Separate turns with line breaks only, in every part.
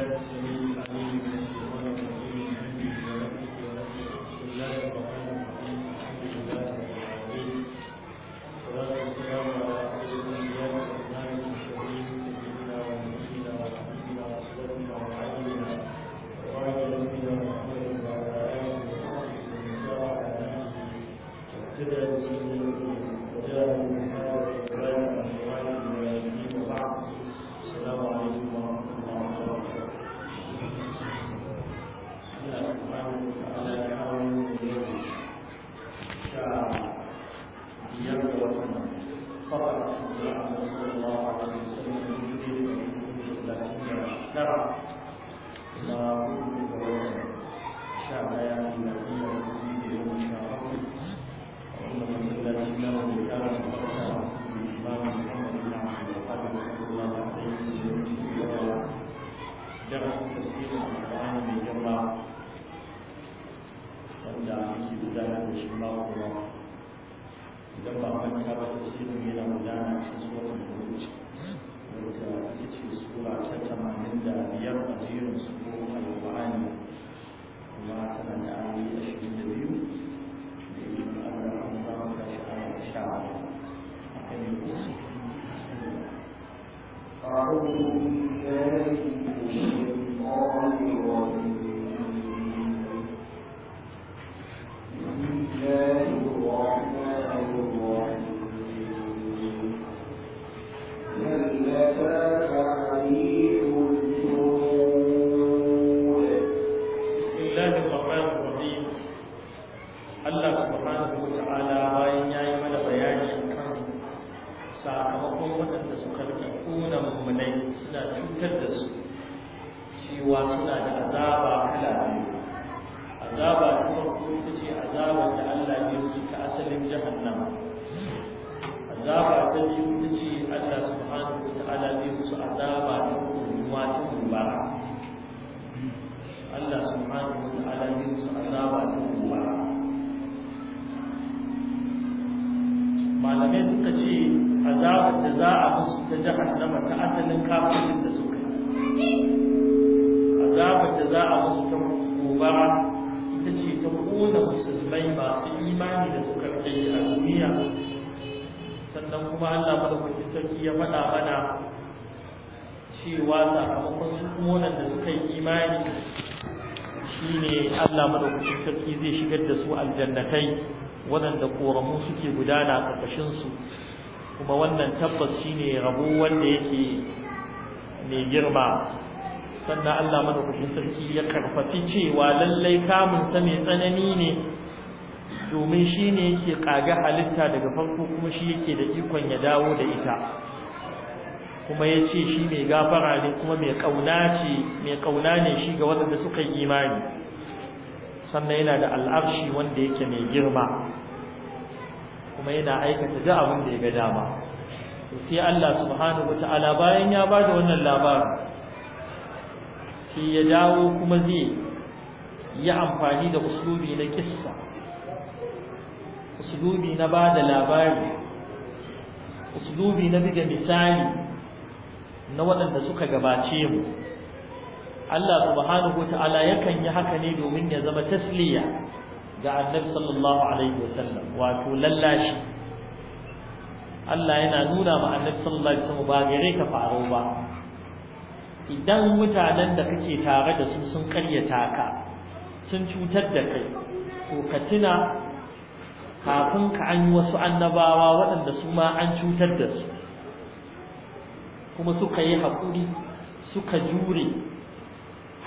الله السميع العليم من الشيطان الرجيم من همه ونفسه ونفسه بسم الله الرحمن الرحيم
su kuma wannan tabbas shine rabo wanda yake mai girma sannan Allah madaukakin sarki ya karfafi cewa lallai kamun ta mai tsanani ne domin shine yake kaga halitta daga farko kuma shi yake da ikon ya dawo da ita kuma ya ce shi mai gafara ne kuma mai kauna ce mai kauna ne shi ga waɗanda suka yi imani sannan yana da al'arshi wanda yake mai girma kuma yana aikata duk abin da ya ga dama sai Allah subhanahu wataala bayan ya bada wannan labarin sai ya dawo kuma zai yi amfani da uslubi na kissa uslubi na bada labari uslubi na buga misali na waɗanda suka gabace mu Allah subhanahu wataala yakan yi haka ne domin ya zama tasliya ga annabi sallallahu alaihi wasallam wato lallashi Allah yana nuna ma annabi sallallahu alaihi wasallam ba gare ka faro ba idan mutanen da kake tare da su sun karyata ka sun cutar da kai to ka tuna kafin ka an yi wasu annabawa waɗanda su ma an cutar da su kuma suka yi haƙuri suka jure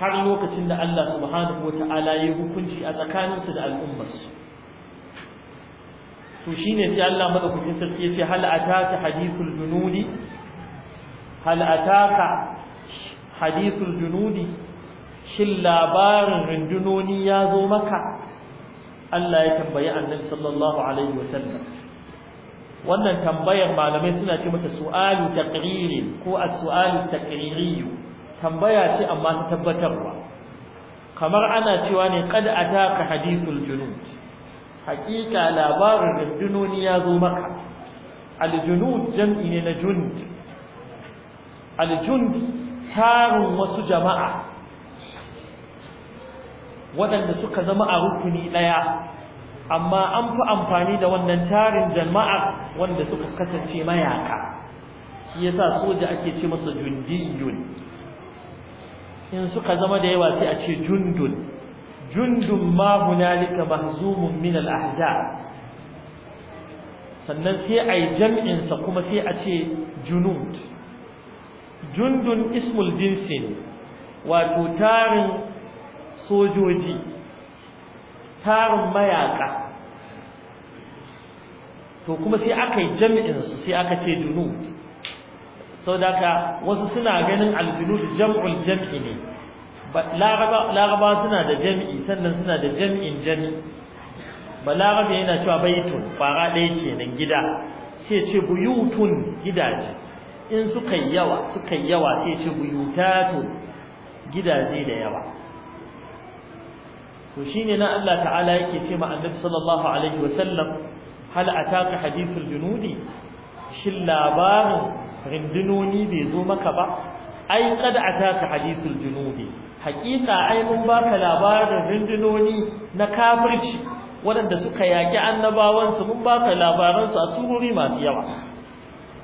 har lokacin da Allah subhanahu wata'ala ya hukunci a tsakaninsu da al'ummarsu to shine ce, Allah madaukakin sarki yace hal ataka hadithul junudi hal ataka hadithul junudi shin labarin rundunoni ya zo maka Allah ya tambayi annabi sallallahu alaihi sallam. wannan tambayar malamai suna ce mata su'alu taqriri ko as-su'alu taqriri tambaya ce amma ta tabbatarwa kamar ana cewa ne qad ataka hadithul junud Hakika labarin rundunoni ya zo maka aljunud jam'i ne na Junj. aljund tarin wasu jama'a waɗanda suka zama a rukuni ɗaya amma an fi amfani da wannan tarin jama'a wanda suka kasance mayaka shi yasa soja ake ce masa jundiyun in suka zama da yawa sai a ce jundun jundun ma hunalika mahzumun min al sannan sai a yi jam'insa kuma sai a ce junud jundun ismul jinsi wato tarin sojoji tarin mayaka to kuma sai aka yi jam'insu sai aka ce junud sau daga wasu suna ganin aljulud jam'ul jam'i ne laraba suna da jam'i sannan suna da jam'in jam'i balarabe yana cewa baitun fara ɗaya kenan gida sai ce buyutun gidaje in suka yi yawa suka yi yawa sai ce buyutatun gidaje da yawa to ne na Allah ta'ala yake ce ma annabi sallallahu alaihi wa sallam hal ataka hadithul junudi shin labarin rindunoni bai zo maka ba ai kada a taka hadisul junubi Hakika ai mun baka labarin rindunoni na kafirci waɗanda suka yaƙi annabawansu mun baka labaransu a surori masu yawa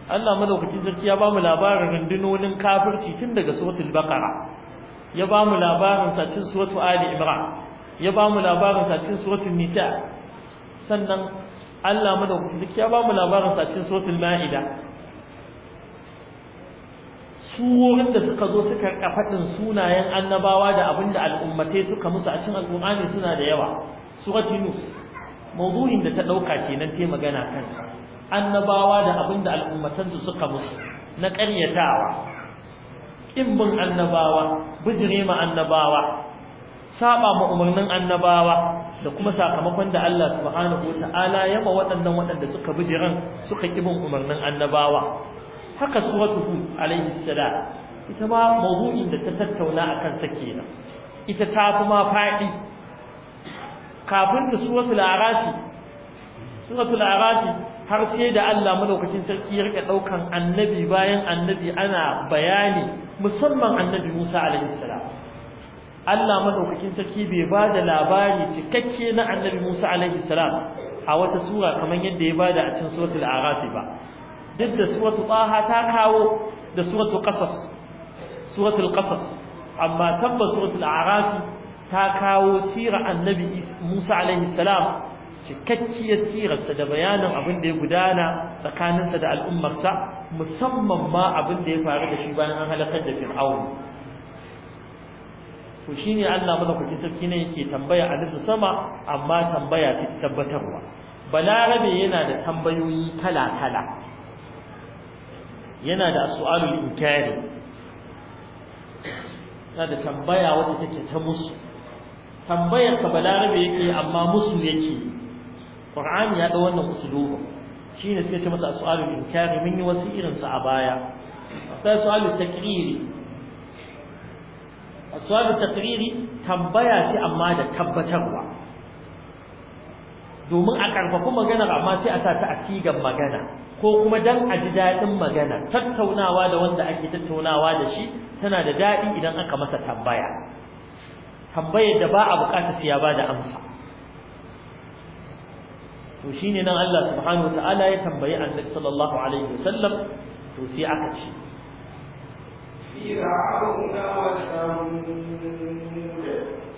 Allah madaukakin sarki ya bamu labarin rindinonin kafirci tun daga suratul baqara ya bamu labarin sa cikin suratul ali imran ya bamu labarin sa cikin suratul nisa sannan Allah madaukakin sarki ya bamu labarin sa cikin suratul maida suworin da suka zo suka faɗin sunayen annabawa da abinda al'ummatai suka musu a cikin al'umani suna da yawa surat yunus mawdu'in da ta dauka kenan ta magana kan annabawa da abinda al'ummatan su suka musu na ƙaryatawa kin bin annabawa bijire ma annabawa saba ma umarnin annabawa da kuma sakamakon da Allah subhanahu wataala ya ma waɗannan waɗanda suka bijiran suka kibin umarnin annabawa haka suratuhu alaihi salam ita ma mawdu'in da ta tattauna akan take kenan ita ta kuma fadi kafin ta suratul arafi har sai da Allah madaukakin sarki ya rika daukan annabi bayan annabi ana bayani musamman annabi Musa alaihi salam Allah madaukakin sarki bai ba da labari cikakke na annabi Musa alaihi salam a wata sura kamar yadda ya bada a cikin suratul arafi ba duk da suratu taha ta kawo da suratu qasas suratul qasas amma tabba suratul a'raf ta kawo sirar annabi Musa alaihi salam cikakkiyar sirarsa da bayanin abin da ya gudana tsakaninsa da al'ummarsa musamman ma abin da ya faru da shi bayan an halakar da fir'aun to shine Allah madaukakin sarki ne yake tambaya a nufi sama amma tambaya ta tabbatarwa balarabe yana da tambayoyi kala kala yana da su'alul inkari na da tambaya wacce take ta musu tambayar ka balarabe yake amma musu yake qur'ani ya da wannan usuluba shine sai ce masa su'alul inkari mun yi wasu irin su a baya akwai su'alul takriri su'alul takriri tambaya shi amma da tabbatarwa domin a karfafi maganar amma sai a sa ta a sigan magana ko kuma dan a ji daɗin magana tattaunawa da wanda ake tattaunawa da shi tana da daɗi idan aka masa tambaya tambayar da ba a buƙatar siya ba da amsa to shine nan Allah subhanahu wataala ya tambayi annabi sallallahu alaihi wasallam to sai aka ce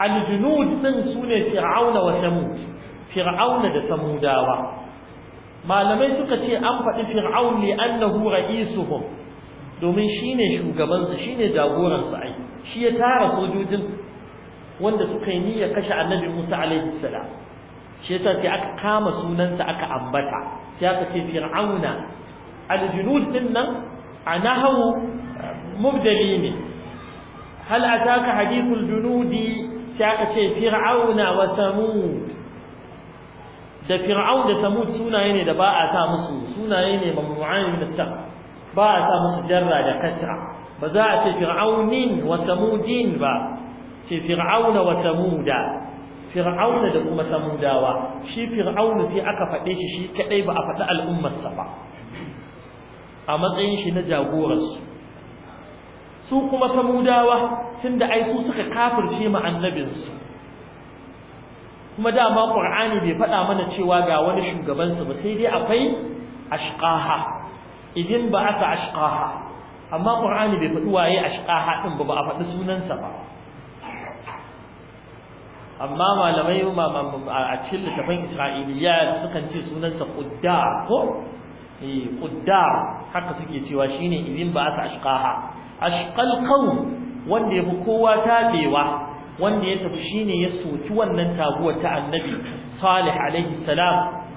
al-junud din sune fir'auna wa thamud fir'auna da samudawa malamai suka ce an faɗi fir'aun ne annahu ra'isuhum domin shine shugabansu shine jagoransu ai shi ya tara sojojin wanda suka yi niyyar kashe annabi Musa alaihi salam shi yasa sai aka kama sunansa aka ambata sai aka ce fir'auna aljunud din nan anahu mubdali ne hal ataka hadithul junudi sai aka ce fir'auna wa samud da fir'aun da samud sunaye ne da ba a sa musu sunaye ne mamnu'an min as ba a sa musu jarra da kasra ba za a ce fir'aunin wa samudin ba ce fir'auna wa samuda fir'auna da kuma samudawa shi fir'auna sai aka faɗe shi shi kadai ba a faɗi al'ummarsa ba a matsayin shi na jagorarsu su kuma samudawa tunda ai su suka kafirce ma annabinsu kuma dama qur'ani bai faɗa mana cewa ga wani shugaban su ba sai dai akwai ashqaha idin ba aka ashqaha amma qur'ani bai faɗi waye ashqaha din ba ba a faɗi sunansa ba amma malamai a cikin littafin isra'iliya sukan ce sunansa quddar ko eh quddar haka suke cewa shine idin ba aka ashqaha ashqal qawm wanda yafi kowa tabewa wanda ya tafi shine ya soki wannan taguwa ta annabi salih alaihi salam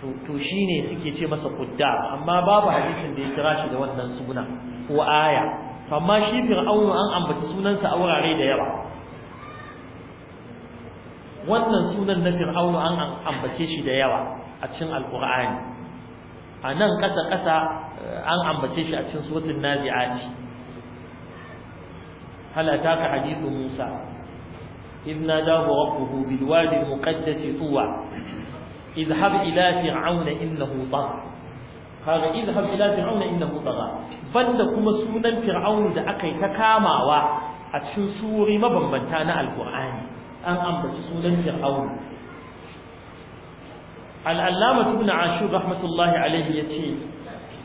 to shine suke ce masa kudda amma babu hadisin da ya kira shi da wannan suna ko aya amma shi fir'aunu an ambaci sunansa a wurare da yawa wannan sunan na fir'aunu an ambace shi da yawa a cikin alqur'ani a nan kasa kasa eh, an ambace shi a cikin suratul nazi'ati halata ka hadithu musa إذ ناداه ربه بالوادي المقدس طوى اذهب إلى فرعون إنه طغى هذا اذهب إلى فرعون إنه طغى بند كما سونا فرعون دا أكي تكاما و أتشن سوري مبنبنتانا القرآن أن أنبت سونا فرعون العلامة ابن عاشور رحمة الله عليه يتي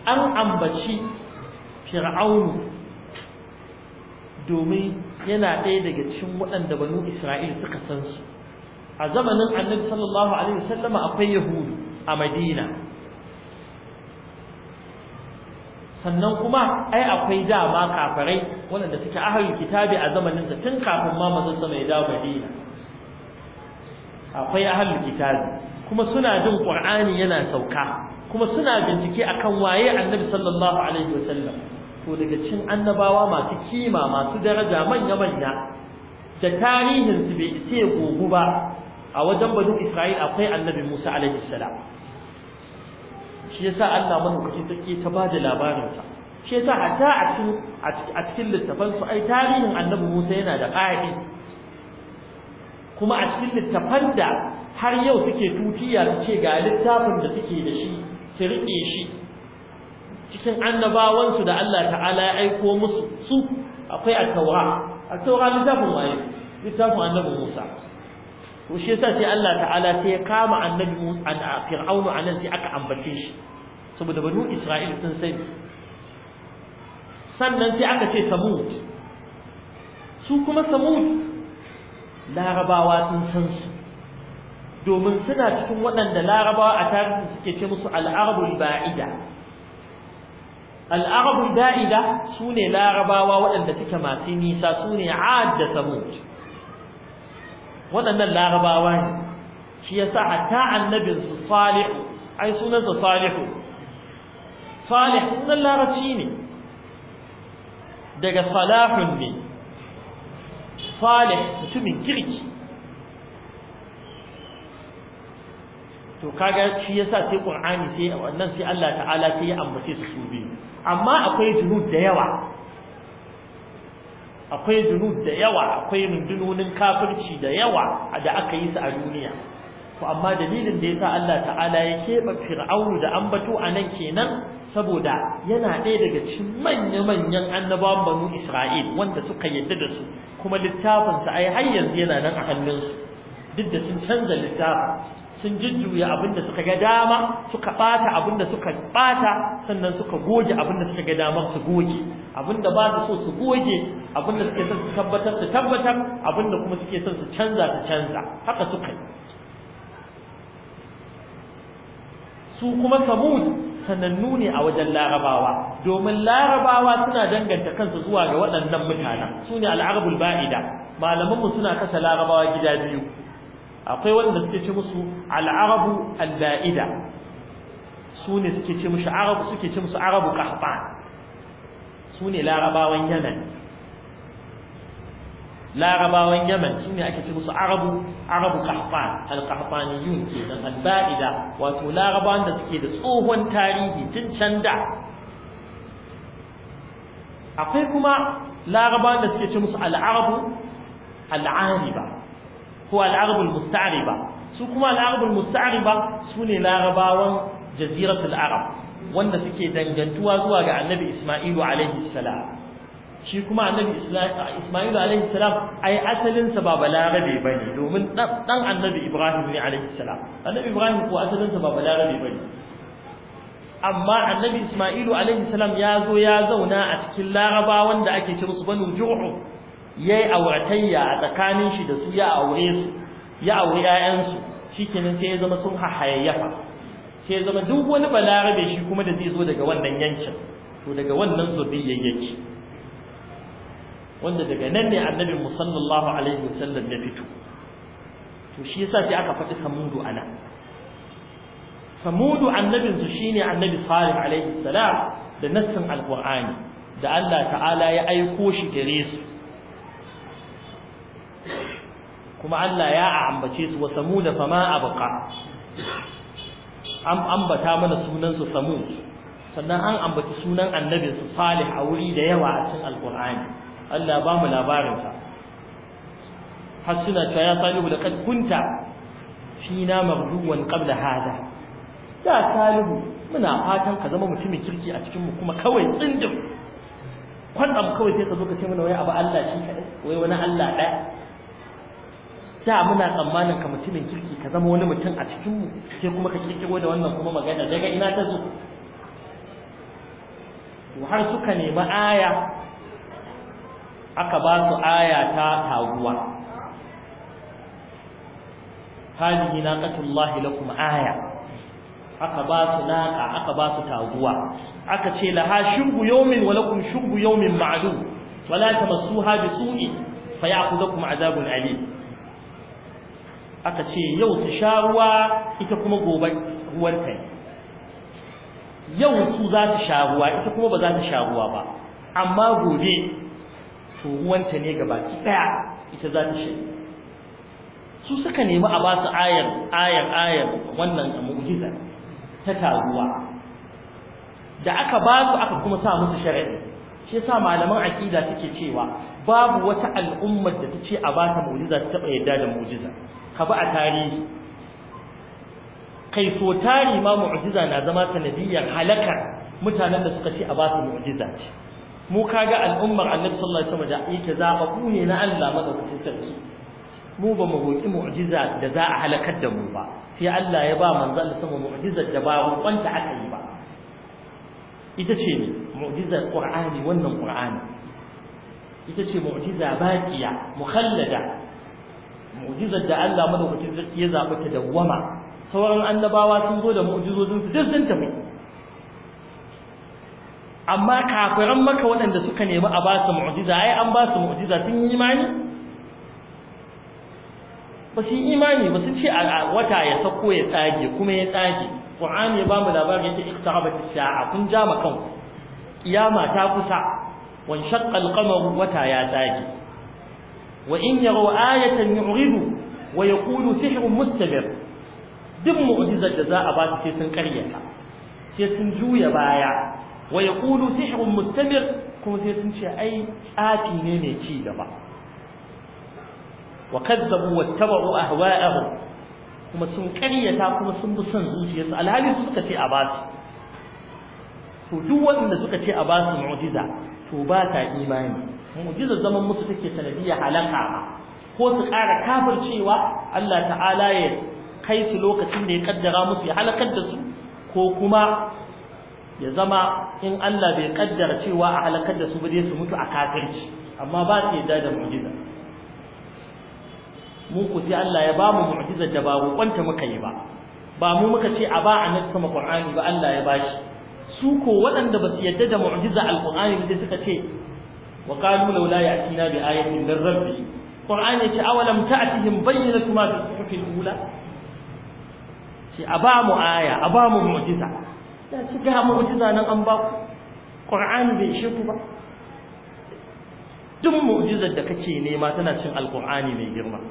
أن أنبت فرعون دومي yana ɗaya daga cikin waɗanda banu Isra'il suka san su a zamanin Annabi sallallahu alaihi wasallam akwai Yahudu a Madina sannan kuma ai akwai dama kafirai waɗanda suke ahlul kitabi a zamanin sa tun kafin ma manzon sama ya dawo Madina akwai ahlul kitabi kuma suna jin Qur'ani yana sauka kuma suna bincike akan waye Annabi sallallahu alaihi wasallam to daga cin annabawa masu kima masu daraja manya-manya da tarihinsu bai isa gogu ba a wajen banu Isra'il akwai annabi Musa alaihi salam shi yasa Allah madaukakin sarki ta ba da sa shi yasa hatta a cikin a cikin littafan su ai tarihin annabi Musa yana da ƙa'idi kuma a cikin littafan da har yau suke tutiya su ce ga littafin da suke da shi su riƙe shi cikin annabawansu da Allah ta'ala ya aiko musu su akwai at-taura at-taura littafin waye littafin annabi Musa to shi yasa sai Allah ta'ala sai ya kama annabi Musa an fir'aunu anan sai aka ambace shi saboda banu Isra'il sun sani sannan sai aka ce samud su kuma samud larabawa sun san su domin suna cikin waɗanda larabawa a tarihi suke ce musu al'arabul ba'ida al'arabul da'ida sune larabawa waɗanda suka masu nisa sune ne da samud waɗannan larabawa ne shi ya sa hatta su salihu ai sunansa salihu salih sunan larabci ne daga salahun ne salih mutumin kirki to kaga shi yasa sai qur'ani sai wannan sai Allah ta'ala sai ya ambace su su biyu amma akwai juhud da yawa akwai juhud da yawa akwai rundunonin kafirci da yawa da aka yi su a duniya to amma dalilin da yasa Allah ta'ala ya keɓe fir'aunu da ambato a nan kenan saboda yana ɗaya daga cikin manya-manyan annabawan banu Isra'il wanda suka yadda da su kuma littafinsa ai har yanzu yana nan a hannunsu duk da sun canza littafin sun jujjuya abinda suka ga dama suka bata abinda suka bata sannan suka goge abinda suka ga damar su goge abinda ba su so su goge abinda suke son su tabbatar su tabbatar abinda kuma suke son su canza su canza haka suka yi su kuma samud sanannu ne a wajen larabawa domin larabawa suna danganta kansu zuwa ga waɗannan mutanen su ne al'arabul ba'ida malamanmu suna kasa larabawa gida biyu akwai wanda suke ce musu al'arabu al-ba'ida su ne suke ce musu arabu suke ce musu arabu qahtan su ne larabawan yaman larabawan yaman su ne ake ce musu arabu arabu qahtan al-qahtaniyun kenan al-ba'ida wato larabawan da suke da tsohon tarihi tun can da akwai kuma larabawan da suke ce musu al-arabu al-ariba ko al'arabul musta'riba su kuma al'arabul musta'riba sune larabawan jaziratul arab wanda suke dangantuwa zuwa ga annabi isma'ilu alayhi salam shi kuma annabi isma'ilu alayhi salam ai asalin sa ba balarabe bane domin dan annabi ibrahim ne alayhi salam annabi ibrahim ko asalin sa ba balarabe bane amma annabi isma'ilu alayhi salam ya zo ya zauna a cikin larabawan da ake ce musu banu ju'u yayi auratayya a tsakanin shi da su ya aure su ya aure ƴaƴansu shikenan sai ya zama sun hahayayyafa sai ya zama duk wani balarabe shi kuma da zai zo daga wannan yancin to daga wannan zuriyar yake wanda daga nan ne annabi musallallahu alaihi wasallam ya fito to shi yasa sai aka faɗi samudu ana samudu annabin su shine annabi salih alaihi salam da nassin alqur'ani da Allah ta'ala ya aiko shi gare su kuma Allah ya ambace su wa samuda fama abqa an ambata mana sunan su samud sannan an ambaci sunan annabin su salih a wuri da yawa a cikin alqur'ani Allah ba mu labarin sa hasuna ta ya salihu laqad kunta fina marduwan qabla hada ya salihu muna fatan ka zama mutumin kirki a cikin mu kuma kawai tsindim kwadam kawai sai ka zo ka ce mana wai abu Allah shi kadai wai wani Allah daya da muna tsammanin ka mutumin kirki ka zama wani mutum a cikin mu sai kuma ka kirkiro da wannan kuma magana daga ina ta zo Wa har suka nemi aya aka ba su aya ta taguwa hadihi naqatullahi lakum aya aka ba su naqa aka ba su taguwa aka ce laha shurbu yawmin wa lakum shurbu yawmin ma'lum wala tamassuha bisu'in fayakhudhukum 'adabun alim aka ce yau su sha ruwa ita kuma gobe ruwan ta yau su za su sha ruwa ita kuma ba za su sha ruwa ba amma gobe to ruwanta ne gaba ki daya ita za ta shi su suka nemi a ba su ayar ayar ayar wannan mu'jiza ta taruwa da aka ba su aka kuma sa musu shari'a shi yasa malaman akida suke cewa babu wata al'ummar da ta ce a ba ta mu'jiza ta taba yadda da mu'jiza ka bi a tarihi kai so tari ma mu'jiza na zama sanadiyyar halakar mutanen da suka ce a ba su mu'jiza ce mu kaga al'ummar annabi sallallahu alaihi wasallam da yake zababu ne na Allah madaukakin sarki mu ba mu roki mu'jiza da za a halakar da mu ba sai Allah ya ba manzo Allah sama mu'jizar da ba kwanta aka yi ba ita ce ne mu'jizar Qur'ani wannan Qur'ani ita ce mu'jiza baqiya mukhallada mu'jizar da Allah madaukakin sarki ya zaɓi ta dawwama sauran annabawa sun zo da mu'jizojin su duk sun tafi amma kafiran maka waɗanda suka nemi a ba su mu'jiza ai an ba su mu'jiza sun yi imani ba su yi imani ba su ce a wata ya sako ya tsage kuma ya tsage Qur'ani ya ba mu labarin yake iqtarabat as sha'a kun ja ma kanku kiyama ta kusa wan shaqqa al wata ya tsage وإن يروا آية يعرضوا ويقولوا سحر مستمر duk mu'jizar da za a ba sai sun karyata sai sun juya baya wa yaqulu sihrun mustamir kuma sai sun ce ai ne mai ci gaba wa kazzabu wattaba'u ahwa'ahum kuma sun karyata kuma sun bi son zuciyarsu suka ce a basu su duk wanda ce a mu'jiza to ba ta imani mu'jizar zaman musu take sanadiyar halaka ko su ƙara kafircewa Allah ta'ala ya kai su lokacin da ya kaddara musu ya halakar da su ko kuma ya zama in Allah bai kaddara cewa a halakar da su ba dai su mutu a kafirci amma ba su yadda da mu'jiza mu ku sai Allah ya bamu mu'jizar da ba roƙonta muka yi ba ba mu muka ce a ba a nan sama Qur'ani ba Allah ya bashi su ko waɗanda ba su yarda da mu'jiza alqur'ani da suka ce وقالوا لولا يأتينا بآية من ربه قرآن يتي أولم تأتهم بينة ما في الصحف الأولى شي أبام آية أبام معجزة لا تقع معجزة أنا أنباك قرآن بيشوفه duk mu'jizar da kake nema tana cin alqur'ani mai girma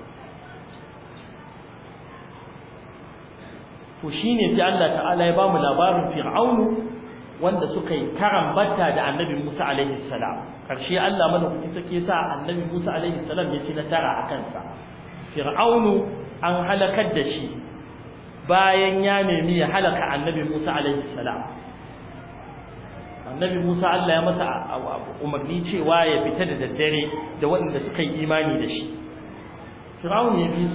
to shine sai Allah ta'ala ya bamu labarin fir'aunu wanda suka yi karambata da annabi Musa alaihi salam karshe Allah madaukaki sake sa annabi Musa alaihi salam ya ci na tara a kansa fir'aunu an halakar da shi bayan ya nemi ya halaka annabi Musa alaihi salam annabi Musa Allah ya masa umarni cewa ya fita da daddare da waɗanda suka yi imani da shi fir'aunu ya bi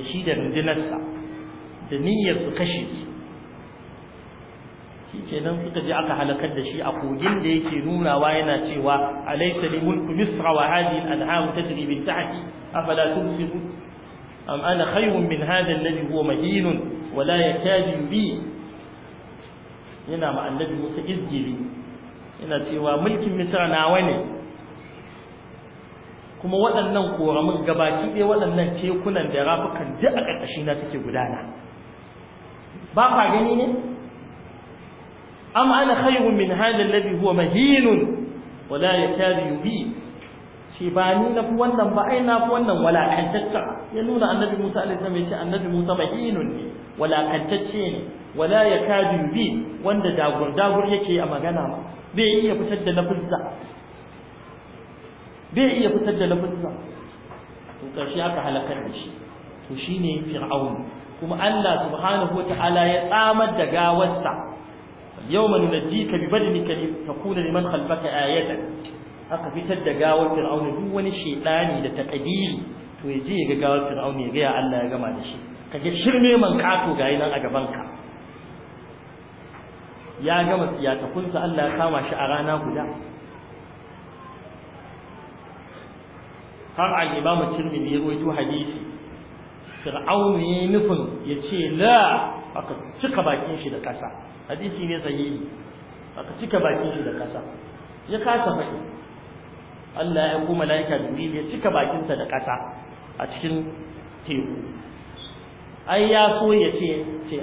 da shi da rundunarsa da niyyar su kashe su kenan suka je aka halakar da shi a kogin da yake nunawa yana cewa alaysa li mulku misra wa hadhihi al-anhar tajri min tahti afala tubsiru am ana khayrun min hadha alladhi huwa mahin wa la yakadu bi yana ma annabi Musa izgili yana cewa mulkin misra nawa ne kuma waɗannan koramin gabaki ɗaya waɗannan tekunan da rafukan duk a ƙarƙashina take gudana ba ka gani ne am ana khayrun min hadha alladhi huwa mahin wala yakadu yubin shi ba ni na fi wannan ba ai na fi wannan walakantacce ya nuna annabi Musa alaihi salam ya ce annabi Musa mahinun ne walakantacce ne wala yakadu yubin wanda dagur dagur yake a magana ma. bai iya fitar da lafinsa bai iya fitar da lafinsa to karshe aka halakar da shi to shine fir'aun kuma Allah subhanahu ta'ala ya tsamar da gawarsa yawma nunajjika bi badanika li takuna liman khalfaka ayatan aka fitar da gawar fir'auna duk wani shedani da takadiri to ya je ga gawar fir'auna ya ga ya Allah ya gama da shi kage shirme man kato gayi nan a gaban ka ya gama siyatakunsa Allah ya kama shi a rana guda har al-Imam Tirmidhi ya rawaito hadisi fir'auna ya nufin ya ce la aka cika bakin shi da ƙasa hadisi ne sahihi aka cika bakin shi da ƙasa ya kasa faɗi Allah ya kuma malaika Jibril ya cika bakin sa da ƙasa a cikin teku ai ya so ya ce ce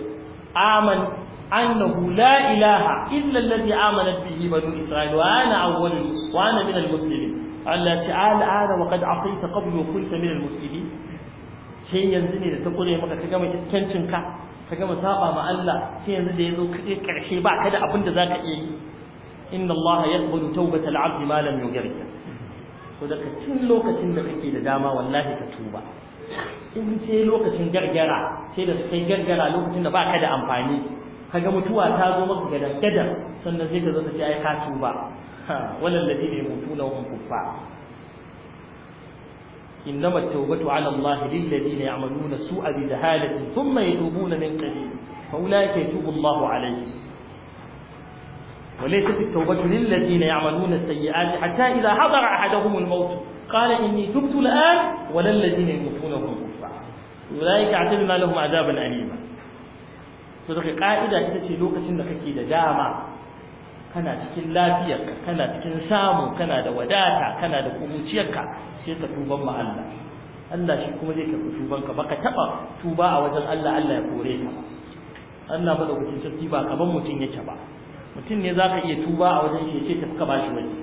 aman annahu la ilaha illa alladhi amanat bihi banu isra'il wa ana awwal wa ana min almuslimin Allah ta'ala ana wa qad asayta qabl wa kunta min almuslimin Sai yanzu ne da ta kure maka ta gama iskancin ka ka gama saba ma Allah sai yanzu da yazo kaje karshe ba ka da abin da zaka iya yi inna Allah yaqbalu tawbatal 'abdi ma lam yughrika so da ka lokacin da kake da dama wallahi ka tuba in ce lokacin gargara sai da kai gargara lokacin da baka da amfani kaga mutuwa ta zo maka gadan gadan sannan sai ka zo ka ce ai ka tuba walal ladina yamutuna wa kuffar إنما التوبة على الله للذين يعملون سوء بجهالة ثم يتوبون من قريب فأولئك يتوب الله عليهم وليست التوبة للذين يعملون السيئات حتى إذا حضر أحدهم الموت قال إني تبت الآن ولا الذين يموتونهم أولئك أعتدنا لهم عذابا أليما صدق قاعدة تتشي لوكس إنك كيد جامع kana cikin lafiyarka kana cikin samu kana da wadata kana da kuruciyarka sai ka tuban ma Allah Allah shi kuma zai karɓi tubanka baka taɓa tuba a wajen Allah Allah ya kore ka Allah ba da wucin sarki ba kaman mutum yake ba mutum ne zaka iya tuba a wajen shi sai ka bashi wani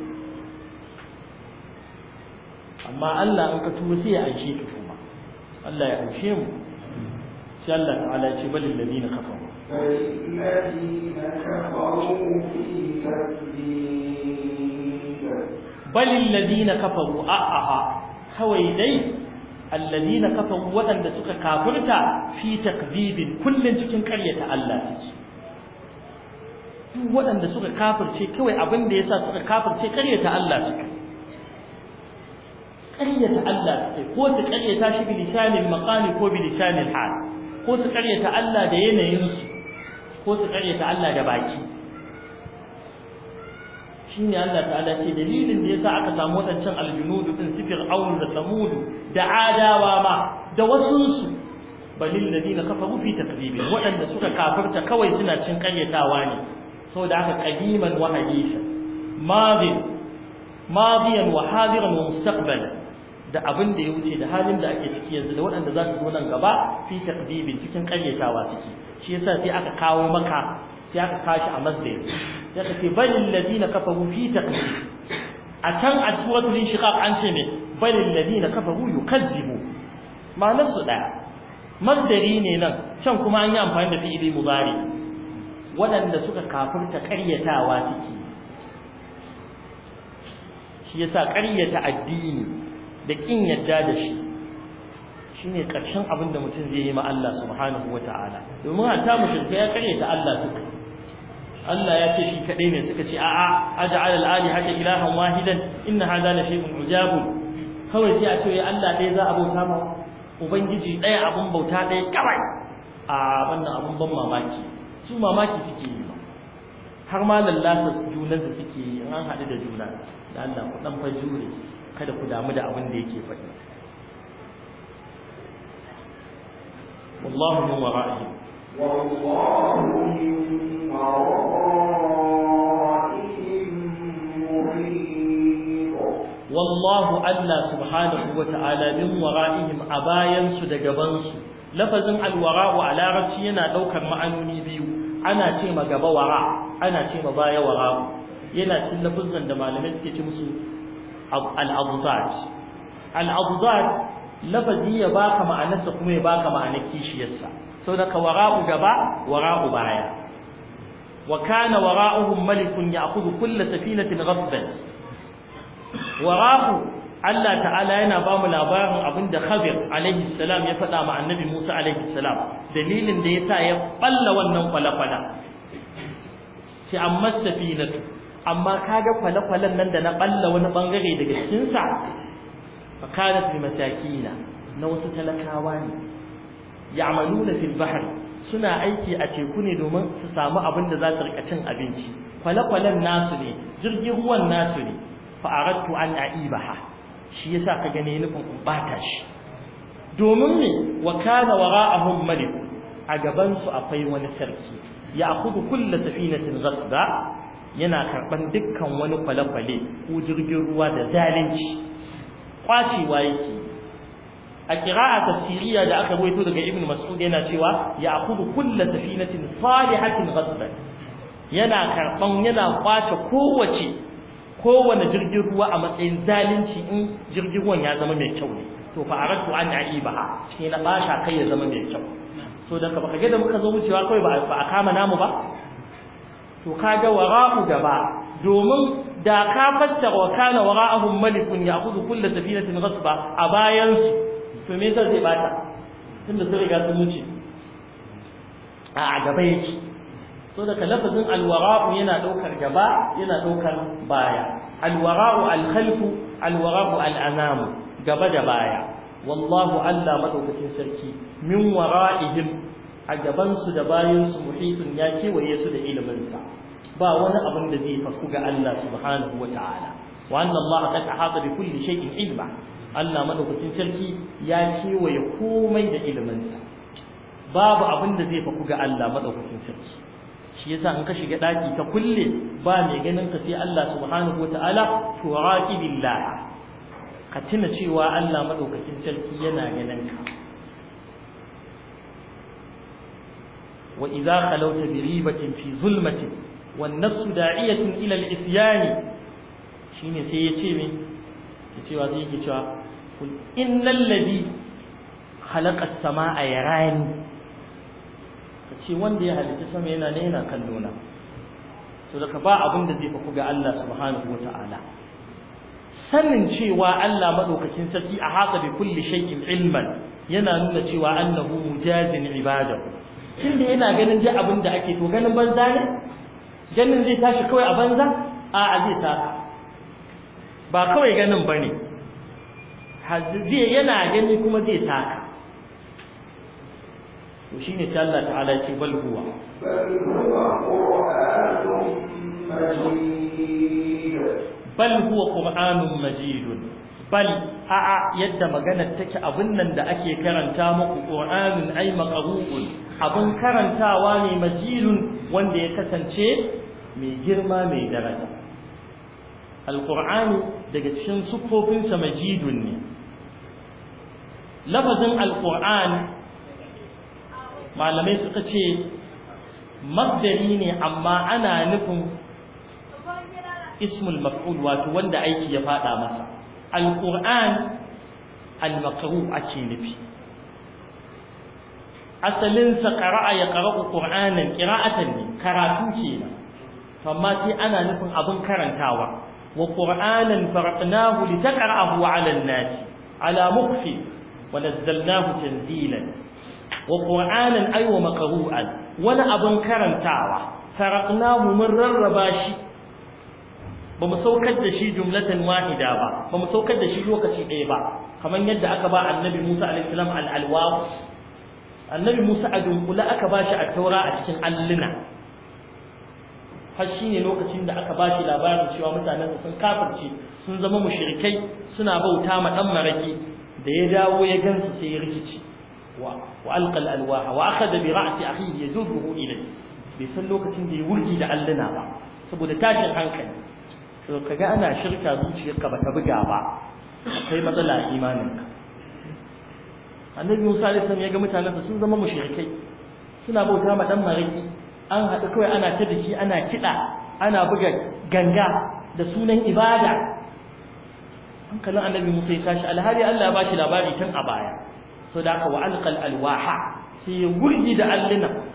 amma Allah in ka tuba sai ya anshe ka tuba Allah ya anshe mu sai Allah ta'ala ya ce balil ladina kafaru
فالذين كفروا
في تكذيب kawai dai كفروا أأها خويدي الذين كفروا وأن سك كافرتا في تكذيب كل سكن كرية الله duk waɗanda suka kafirce kawai abin da yasa suka kafirce ƙaryata Allah suka ƙaryata Allah suke ko su ƙaryata shi bilisanin maqami ko bilisanin hal ko su ƙaryata Allah da yanayinsu. ko su kare ta Allah da baki shine Allah ta'ala ce dalilin da yasa aka samu wadancan aljunudu din sifir aun da samudu da adawa ma da wasunsu balil ladina kafaru fi takdibin wadanda suka kafirta kawai suna cin karyatawa ne saboda haka qadiman wa hadisa madin madiyan wa hadiran wa mustaqbalan da abin da ya wuce da halin da ake ciki yanzu da waɗanda za su zo nan gaba fi taqdibi cikin ƙaryatawa ciki shi yasa sai aka kawo maka sai aka kashi a masdar ya ka ce balil ladina kafaru fi taqdibi a can a suratul inshiqaq an ce ne balil ladina kafaru yukadzibu ma'anar su daya masdari ne nan can kuma an yi amfani da fi'ili mubari waɗanda suka kafurta ƙaryatawa ciki shi yasa ƙaryata addini da kin yadda da shi shine karshen abin da mutum zai yi ma Allah subhanahu wataala domin hatta mushrike ya kare ta Allah suka Allah ya ce shi kadai ne suka ce a'a aj'al al hatta ilahan wahidan inna hadha la shay'un ujab kawai sai a ce ya Allah dai za a bauta ma ubangiji daya abun bauta daya kawai a wannan abun ban mamaki su mamaki suke yi har ma lallasa junan da suke yi an haɗu da juna da Allah ku dan fa jure kada ku damu da abin da yake faɗi wallahu min wara'ihi wallahu
min wara'ihim
wallahu Allah subhanahu wa ta'ala min wara'ihim a bayan su da gaban su lafazin alwara'u a larabci yana daukar ma'anoni biyu ana ce ma gaba wara ana ce ma baya wara yana cikin lafazin da malamai suke ci musu al-abzat al lafazi ya baka ma'anarsa kuma ya baka ma'anar kishiyarsa saboda ka wara'u gaba wara'u baya wa kana wara'uhum malikun ya'khudhu kull safinatin ghasban wara'u Allah ta'ala yana ba mu labarin abinda Khabir alaihi salam ya faɗa ma Annabi Musa alaihi salam dalilin da ya sa ya balla wannan kwalakwala sai amma safinatu amma kaga kwale-kwalen nan da na balla wani bangare daga cikinsa fa kanat fi masakina na wasu talakawa ne ya'maluna fil bahr suna aiki a teku ne domin su samu abin da za su rika cin abinci kwale-kwalen nasu ne jirgin ruwan nasu ne fa aradtu an aibaha shi yasa ka gane nufin in bata shi domin me wa kana wara'ahum malik a gaban su akwai wani sarki ya akudu kullu safinatin ghasba yana karɓar dukkan wani kwale-kwale ko jirgin ruwa da zalunci kwacewa yake a kira'a tafsiriya da aka ruwaito daga ibn mas'ud yana cewa ya akudu kulla safinatin salihatin ghasban yana karban yana kwace kowace kowane jirgin ruwa a matsayin zalunci in jirgin ruwan ya zama mai kyau ne to fa ratu an aibaha shi na basha kai ya zama mai kyau so da ka baka ga da muka zo wucewa kawai ba a kama namu ba to kaga wara'u gaba domin da ka fassara wa kana wara'ahum malikun ya'khudhu kullu safinatin ghasba a bayan su to me zai bata tunda sun riga sun wuce a gaba yake so daga lafazin alwara'u yana daukar gaba yana daukar baya alwara'u alkhalfu alwara'u al'anamu gaba da baya wallahu Allah madaukakin sarki min wara'ihim a gabansu da bayansu muhitun ya kewaye su da iliminsa ba wani abin da zai faku ga Allah subhanahu wa ta'ala wa anna Allah qad ahata bi kulli shay'in ilma Allah madaukakin sarki ya kewaye komai da iliminsa babu abin da zai faku ga Allah madaukakin sarki shi yasa in ka shiga daki ka kulle ba mai ganin ka sai Allah subhanahu wa ta'ala to raqibillah ka tuna cewa Allah madaukakin sarki yana ganin ka wa idza khalawta bi ribatin fi zulmatin wan nafsu da'iyatun ila al-isyan shine sai ya ce min ya ce wa yake cewa kace wanda ya halitta sama yana ne yana kallo to daga ba abin da zai faku ga Allah subhanahu ta'ala. sanin cewa Allah madaukakin sarki a haka bi kulli shay'in ilman yana nuna cewa annahu mujazin ibadahu shin da yana ganin duk abin da ake to ganin banza ne ganin zai tashi kawai a banza a a zai taka ba kawai ganin ba ne zai yana gani kuma zai taka to shine sai Allah ta'ala ya ce bal huwa bal huwa qur'anun majid bal a'a yadda maganar take abin nan da ake karanta muku Qur'anin ay maqrubun abin karantawa ne majilun wanda ya kasance mai girma mai daraja alqur'ani daga cikin sufofin sa majidun ne lafazin alqur'an malamai suka ce mabdari ne amma ana nufin ismul maf'ul wato wanda aiki ya fada masa alƙur'an almakaru ake nufi Asalin sa ya ƙara'u ƙur'anan ƙira'atan ne karatu ce nan amma sai ana nufin abin karantawa wa ƙur'anan farafinahu li ta ƙara'ahu ala nasi ala mukfi wa nazzalnahu tanzilan wa ƙur'anan aiwa makaru'an wani abin karantawa farafinahu mun rarraba shi ba mu saukar da shi jumlatan wahida ba ba mu saukar da shi lokaci ɗaya ba kamar yadda aka ba annabi Musa alaihi salam al annabi Musa a dunkula aka ba shi a taura a cikin alluna har shine lokacin da aka ba shi labarin cewa mutanen sun kafirce sun zama mushrikai suna bauta ma dan maraki da ya dawo ya gansu sai ya rikici wa alqa al-alwaha wa akhadha bi ra'si akhihi yazuhu ilayhi bai san lokacin da ya wurgi da alluna ba saboda tashin hankali to kaga ana shirka zuciyarka bata buga ba akwai matsala imaninka annabi Musa alaihi salam ya ga mutanen sun zama mushrikai suna bauta ma dan maraki an haɗu kawai ana ta biki ana kiɗa ana buga ganga da sunan ibada hankalin annabi Musa ya tashi alhali Allah ya bashi labari tun a baya so da aka wa alqal alwaha sai ya gurgi da allunan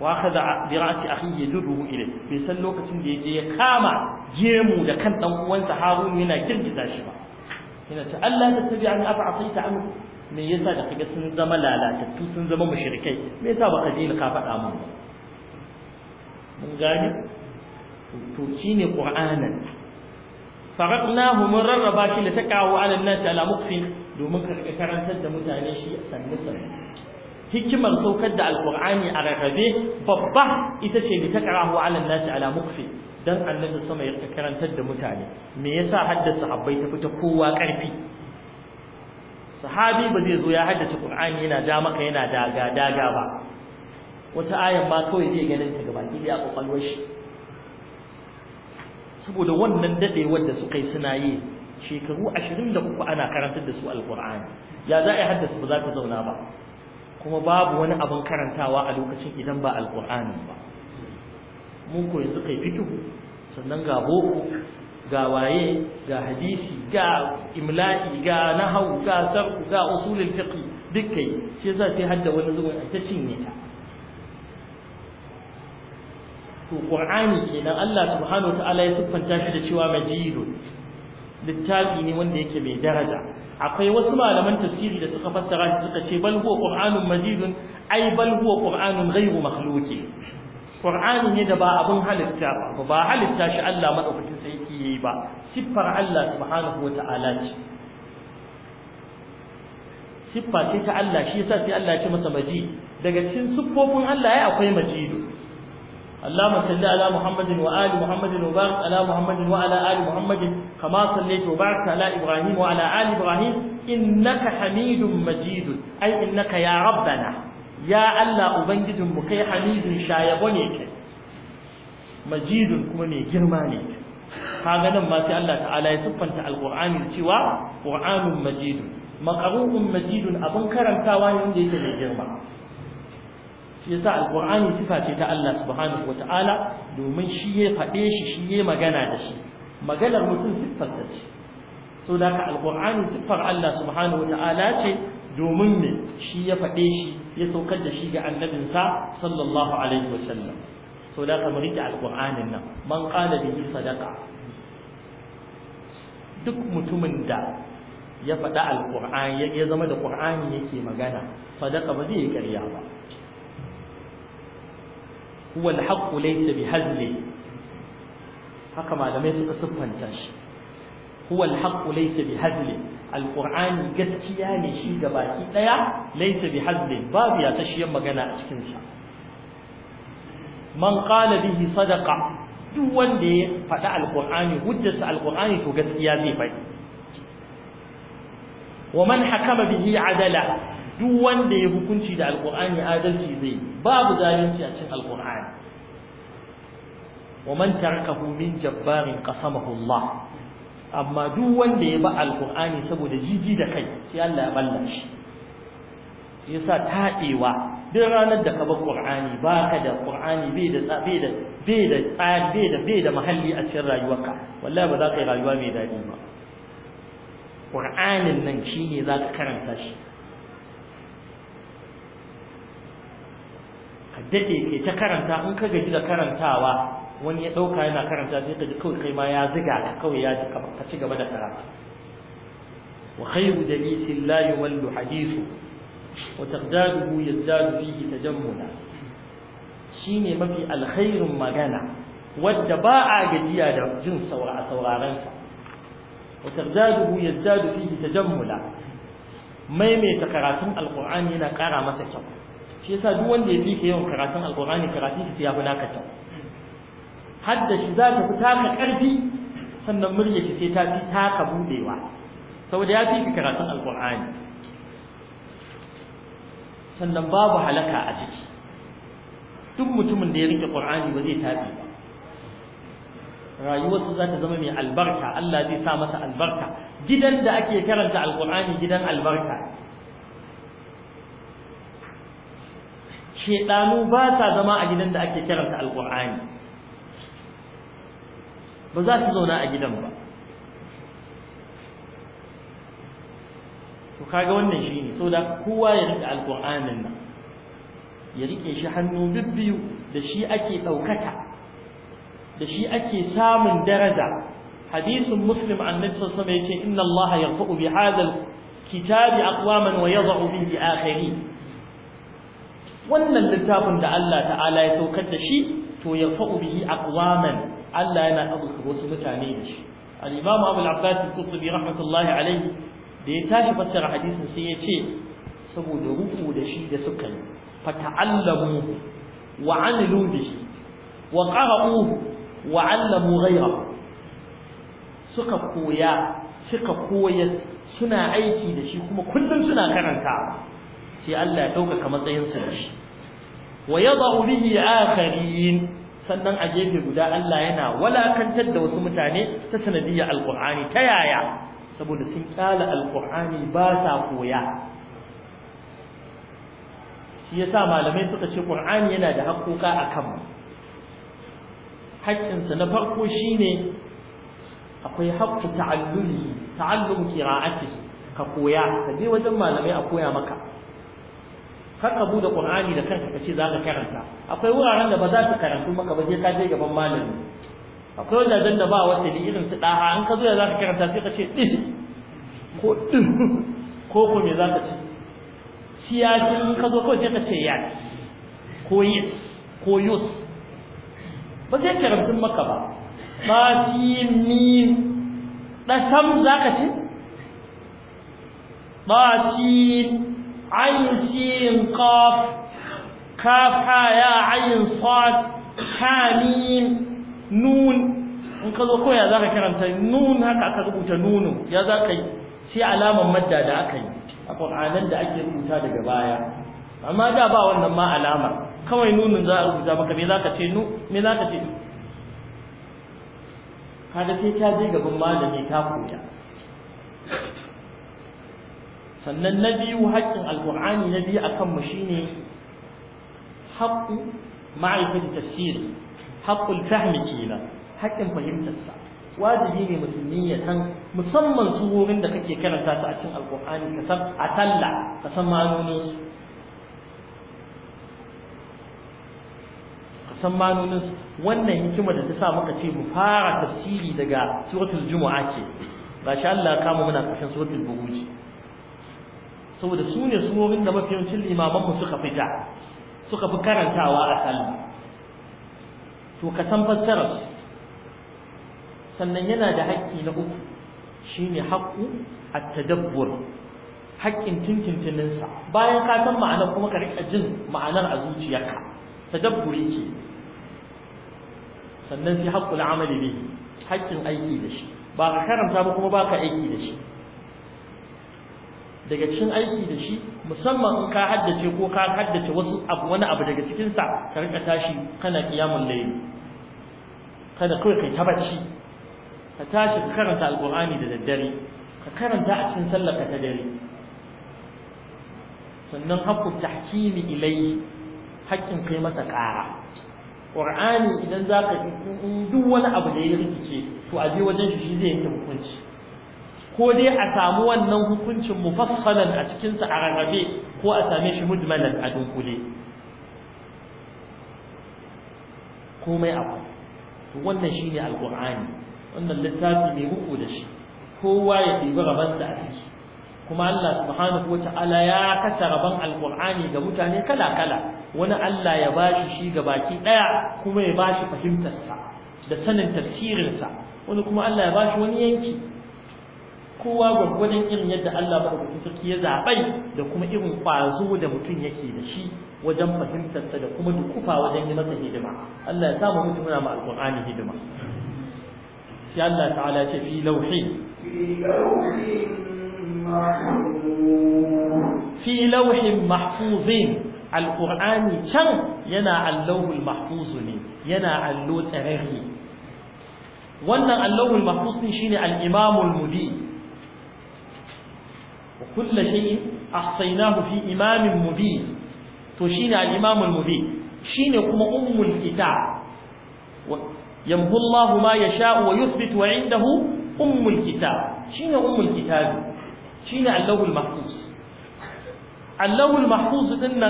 wa akhadha bi ra'si akhihi yadurruhu ilayhi bai san lokacin da yaje ya kama gemu da kan dan uwansa Harun yana girgiza shi ba yana ce Allah ta tabi an afa asaita amu me yasa da kaga sun zama lalatattu sun zama mushrikai me yasa baka je ka faɗa mun mun gane to shine qur'anan faraqnahu mun rarraba shi da taqawu ala an-nas ala mukfin domin ka karantar da mutane shi sannan sannan hikimar saukar da alkur'ani a rarrabe babba ita ce litaqrahu ala nasi ala mukfi dan annabi sama ya karantar da mutane me yasa haddasa habbai ta fita kowa karfi sahabi ba zai zo ya haddace qur'ani yana ja maka yana daga daga ba wata ayan ma kawai zai ganin ta gaba ki a shi saboda wannan dadewar da suka yi suna yi shekaru 23 ana karantar da su alkur'ani ya za a haddasa ba za ka zauna ba kuma babu wani abin karantawa a lokacin idan ba alqur'ani ba mun ko yanzu kai fito sannan ga boko ga waye ga hadisi ga imla'i ga nahwu ga sarfu ga usulul fiqh dukkai shi za ta hadda wani zuwa ta cinye ta to qur'ani kenan Allah subhanahu ta'ala ya siffanta shi da cewa majidun littafi ne wanda yake mai daraja akwai wasu malaman tafsiri da suka fassara shi suka ce bal huwa qur'anun majidun ai bal huwa qur'anun ghayru makhluqi qur'ani ne da ba abun halitta ba ba halitta shi Allah madaukakin sarki yi ba siffar Allah subhanahu wata'ala ce siffa ce ta Allah shi yasa sai Allah ya ce masa majid daga cikin siffofin Allah ya akwai majidu اللهم صل على muhammadin وآل محمد وبارك على محمد وعلى آل muhammadin. كما صليت وباركت على إبراهيم وعلى آل إبراهيم إنك حميد مجيد أي إنك يا ربنا يا الله أبنجد مكي حميد شايبونيك مجيد كمني جرمانيك هذا ما سي الله تعالى يسفنت القرآن سوى قرآن مجيد مقروء مجيد أبن كرم تاواني من ديك الجرمان shi yasa alqur'ani sifa ce ta Allah subhanahu wataala domin shi ya faɗe shi shi ya magana da shi maganar mutum siffarsa ce so da ka alqur'ani siffar Allah subhanahu wata'ala ce domin ne shi ya faɗe shi ya saukar da shi ga annabinsa sallallahu alaihi sallam. so da ka mu rike nan man qala bihi sadaka. duk mutumin da ya faɗa ya zama da qur'ani yake magana sadaqa ba zai yi ba huwa alhaqqu laysa bihazli haka malamai suka siffanta shi huwa al-haqqu laysa al gaskiya ne shi gabaki daya laysa bihadli babu ya tashiyan magana a cikin sa man qala bihi sadaqa duk wanda ya faɗi al-qur'ani hujjarsa al-qur'ani to gaskiya zai faɗi wa man hakama bihi adala duk wanda ya hukunci da al adalci zai babu zalunci a cikin al wa man tarakahu min jabbarin qasamahu Allah amma duk wanda ya ba alqur'ani saboda jiji da kai sai Allah ya balla shi yasa taɗewa ranar da ka ba qur'ani baka da qur'ani bai da mahalli a cikin rayuwarka wallahi ba za ka yi rayuwa mai daɗi ba Ƙur'anin nan shine za ka karanta shi daɗe ke ta karanta in ka gaji da karantawa wani ya ɗauka yana karanta zai ka ji kawai kai ma ya ziga ka kawai ya ji ka ci gaba da karatu wa khayru jalisin la yumallu hadithu wa taqdaduhu yazdadu fihi tajammula shine mafi alkhairun magana wadda ba a gajiya da jin saura sauraron sa wa taqdaduhu yazdadu fihi tajammula maimaita karatun alqur'ani yana ƙara masa kyau shi yasa duk wanda ya fi yawan karatun alqur'ani karatun shi ya fi naka kyau hadda shi za ta fi taka ƙarfi sannan murya shi sai ta fi taka budewa saboda ya fi karatun alƙur'ani sannan babu halaka a ciki duk mutumin da ya rike ƙur'ani ba zai tafi ba rayuwarsa za ta zama mai albarka Allah zai sa masa albarka gidan da ake karanta alƙur'ani gidan albarka shedanu ba sa zama a gidan da ake karanta alƙur'ani ba za su zauna a gidan ba to kaga wannan ne so da kowa ya riƙe alqur'anin nan ya riƙe shi hannu bibbiyu da shi ake ɗaukata, da shi ake samun daraja hadisin muslim annabi sallallahu alaihi wasallam yace inna allaha yarfa'u bi hadha kitabi aqwaman wa yadh'u bihi akharin wannan littafin da Allah ta'ala ya saukar da shi to yarfa'u bihi aqwaman Allah yana azurta wasu mutane da shi al-imamu abul al-qutubi rahmatullahi alayhi da ya tashi fassara hadisin sai ya ce saboda ruku da shi da suka yi ta'allamu, wa 'amilu bihi wa qara'u wa 'allamu suka koya suka koya suna aiki da shi kuma kullum suna karanta sai Allah ya dauka matsayin su da shi wa yadhu bihi akharin sannan a gefe guda Allah yana walakantar da wasu mutane ta sanadiyya alqur'ani ta yaya saboda sun kyala alqur'ani ba sa koya shi yasa malamai suka ce qur'ani yana da haƙoƙa akan mu haƙƙinsa na farko shine akwai haƙƙu ta'allumi ta'allum qira'ati ka koya ka je wajen malamai a koya maka kar ka bude qur'ani da kanka kace za ka karanta akwai wuraren da ba za ka karantu maka ba je ka je gaban malami akwai wajen da ba wata da irin su daha an ka zo ya za ka karanta sai ka ce din ko din ko ko me za ka ce siyasi in ka zo kawai sai ka ce ya ko yi ko yus ba sai karantun maka ba ba fi mi sam za ka ce ba fi عين سين قاف كاف حايا عين صاد حاميم نون in ka zo ko ya zaka karanta nun haka aka rubuta nunu ya zaka yi sai alaman madda da aka yi a Qur'anin da ake rubuta daga baya amma da ba wannan ma alama kawai nunun za a rubuta maka me zaka ce nu me ce kada sai ta je gaban malami ta koya sannan na biyu haƙƙin alƙur'ani na biyu akan mu shine haƙƙu ma'rifatu tafsir haƙƙul fahmi kenan haƙƙin fahimtarsa wajibi ne musulmi ya san musamman su wurin da kake karanta su a cikin alƙur'ani ka san a talla ka san ma'anoninsu ka san wannan hikima da ta sa muka ce mu fara tafsiri daga suratul jumu'a ce ba sha Allah kama muna ƙarshen suratul buruji saboda su ne surorin da mafi yawancin suka fita suka fi karantawa a sallah to ka san fassarar sannan yana da haƙƙi na uku shi ne haƙƙu at-tadabbur haƙƙin tuntuntuninsa bayan ka san ma'anar kuma ka riƙa jin ma'anar a zuciyarka tadabburi ce sannan sai haƙƙul amali ne haƙƙin aiki da shi ba ka karanta ba kuma ba ka aiki da shi daga cikin aiki da shi musamman in ka haddace ko ka haddace wasu abu wani abu daga cikinsa ka rika tashi kana qiyamul layl kawai kai ta bacci ka tashi ka karanta alqur'ani da daddare ka karanta a cikin sallar ka ta dare sannan haqqut tahkimi ilayhi haƙƙin kai masa ƙara qur'ani idan zaka duk wani abu da ya rikice to a je wajen shi zai yanke hukunci ko dai a samu wannan hukuncin mufassalan a cikinsa a rarrabe ko a same shi mujmalan a dunkule komai abu to wannan shine alqur'ani wannan littafi mai ruku da shi kowa ya ɗibi rabansa a ciki kuma Allah subhanahu wata'ala ya kasa rabon alqur'ani ga mutane kala kala wani Allah ya bashi shi ga baki daya kuma ya bashi fahimtarsa da sanin tafsirinsa wani kuma Allah ya bashi wani yanki kowa gwargwadon irin yadda Allah madaukakin sarki ya zaɓai da kuma irin ƙwazo da mutum yake da shi wajen fahimtarsa da kuma dukufa wajen yi masa hidima Allah ya samu mutum na ma alƙur'ani hidima sai Allah ta'ala ce fi lauhi fi lauhin mahfuzin alƙur'ani can yana allahul mahfuzu ne yana allo tsararre wannan allahul mahfuz shine al-imamul mubin وكل شيء أحصيناه في إمام مبين تشين الإمام المبين شين كما أم الكتاب يمحو الله ما يشاء ويثبت وعنده أم الكتاب شين أم الكتاب شين اللوح المحفوظ اللوح المحفوظ إن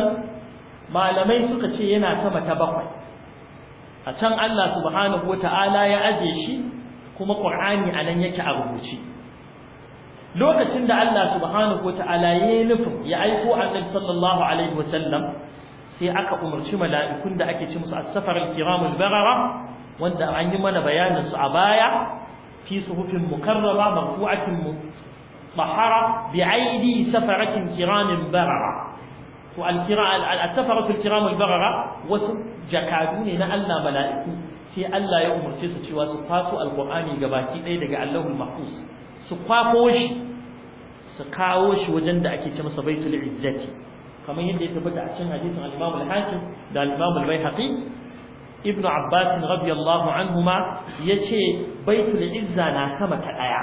ما لم يسق شيئا كما تبقى أتن الله سبحانه وتعالى يأذي شيء كما قرآني أن يكأ أبوشي lokacin da Allah subhanahu wata'ala ya yi nufin ya aiko annabi sallallahu alaihi wasallam sai aka umarci mala'ikun da ake ci musu as-safar al-kiram al-barara wanda an yi mana bayanin su a baya fi suhufin mukarrama marfu'atin mahara bi aidi safaratin kiramin barara to al-safaratu al-kiram al-barara wasu jakadu ne na Allah mala'iku sai Allah ya umarce su cewa su fato al-qur'ani gabaki ɗaya daga Allahul Mahfuz su kwafo shi su kawo shi wajen da ake ce masa baitul izzati kamar yadda ya tabbata a cikin hadisin al-Imam al-Hakim da al-Imam al-Baihaqi Ibn Abbas radiyallahu anhuma yace baitul izza na sama ta daya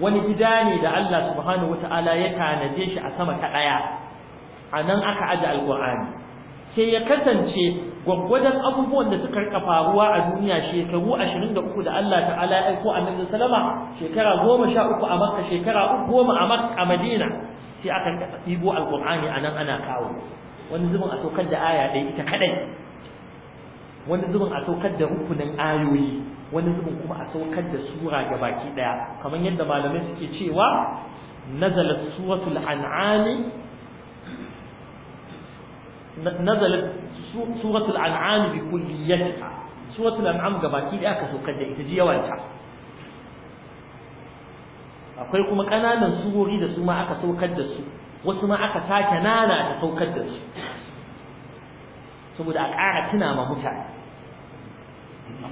wani gida ne da Allah subhanahu wataala ya tanaje shi a sama ta daya anan aka aje qurani sai ya kasance gwaggwajen abubuwan da suka rika faruwa a duniya shekaru 23 da Allah ta'ala ya aiko annabi sallama shekara 13 a Makka shekara 10 a Makka Madina sai aka tsibo alqur'ani anan ana kawo wani zubin a saukar da aya ɗaya ita kadai wani zubin a saukar da rukunin ayoyi wani zubin kuma a saukar da sura ga baki daya kamar yadda malamai suke cewa nazalat suratul an'am nazalat suratul an'am bi kulliyatiha suratul an'am gabaki da aka saukar da ita ji akwai kuma kananan surori da su ma aka saukar da su wasu ma aka sake nana da saukar da su saboda a ƙara tuna ma mutane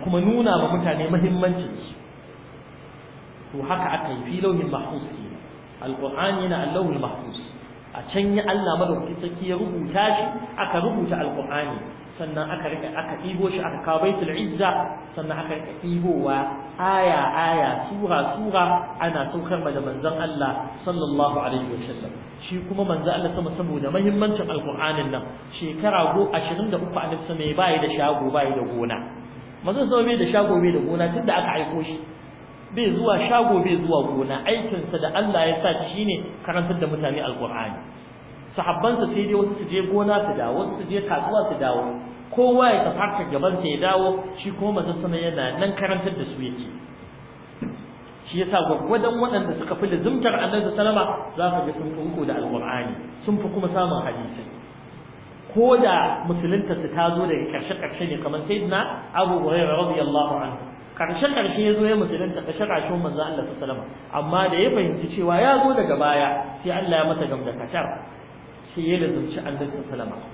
kuma nuna ma mutane muhimmancin su to haka aka yi filauhin yana allahul mahfuz a can ya Allah madaukakin sarki ya rubuta shi aka rubuta alqur'ani sannan aka rika aka ɗibo shi aka kawo baitul izza sannan aka rika ɗibowa aya aya sura sura ana saukar da manzon Allah sallallahu alaihi wasallam shi kuma manzon Allah sama saboda muhimmancin alqur'anin nan shekara go 23 annabi sama bai da shago bai da gona manzon sama bai da shago bai da gona tunda aka aiko shi bai zuwa shago bai zuwa gona aikinsa da Allah ya sa shi ne karantar da mutane alkur'ani sahabbansa sai dai wasu su je gona su dawo wasu su je kasuwa su dawo kowa ya tafarta gaban sa ya dawo shi kuma manzon sama yana nan karantar da su yake shi yasa gwagwadon waɗanda suka fi lizumtar Annabi sallama za ka ga sun fi da alkur'ani sun fi kuma samun hadisi ko da musulunta su ta zo daga karshe karshe ne kamar sayyidina Abu Hurairah radiyallahu anhu karshe karshe ya zo ya musulunta karshe karshe manzo Allah sallallahu alaihi amma da ya fahimci cewa ya zo daga baya sai Allah ya masa kashar sai ya lazumci Allah sallallahu alaihi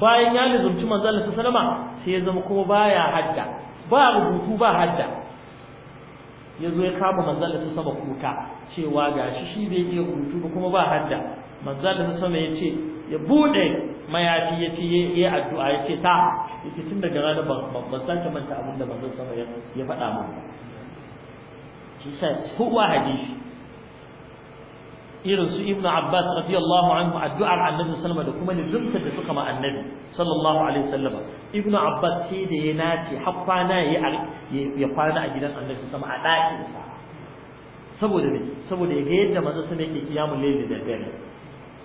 bayan ya lazumci manzo Allah sallallahu alaihi sai ya zama kuma baya hadda ba rubutu ba hadda ya zo ya kama manzo Allah sallallahu alaihi kuka cewa gashi shi bai iya rubutu ba kuma ba hadda manzo Allah sallallahu alaihi ya ce ya bude mayafi ya ce ya addu'a ya ce ta yake tun daga ranar ban sake manta abin da manzon sama ya faɗa min shi sa kowa hadisi irin su ibnu abbas radiyallahu anhu addu'ar annabi sallama da kuma ne nizumta da suka ma annabi sallallahu alaihi wasallam ibnu abbas shi da ya nace na yi ya kwana a gidan annabi sama a ɗakinsa saboda ne saboda ya ga yadda manzon sama yake kiyamul layl da dare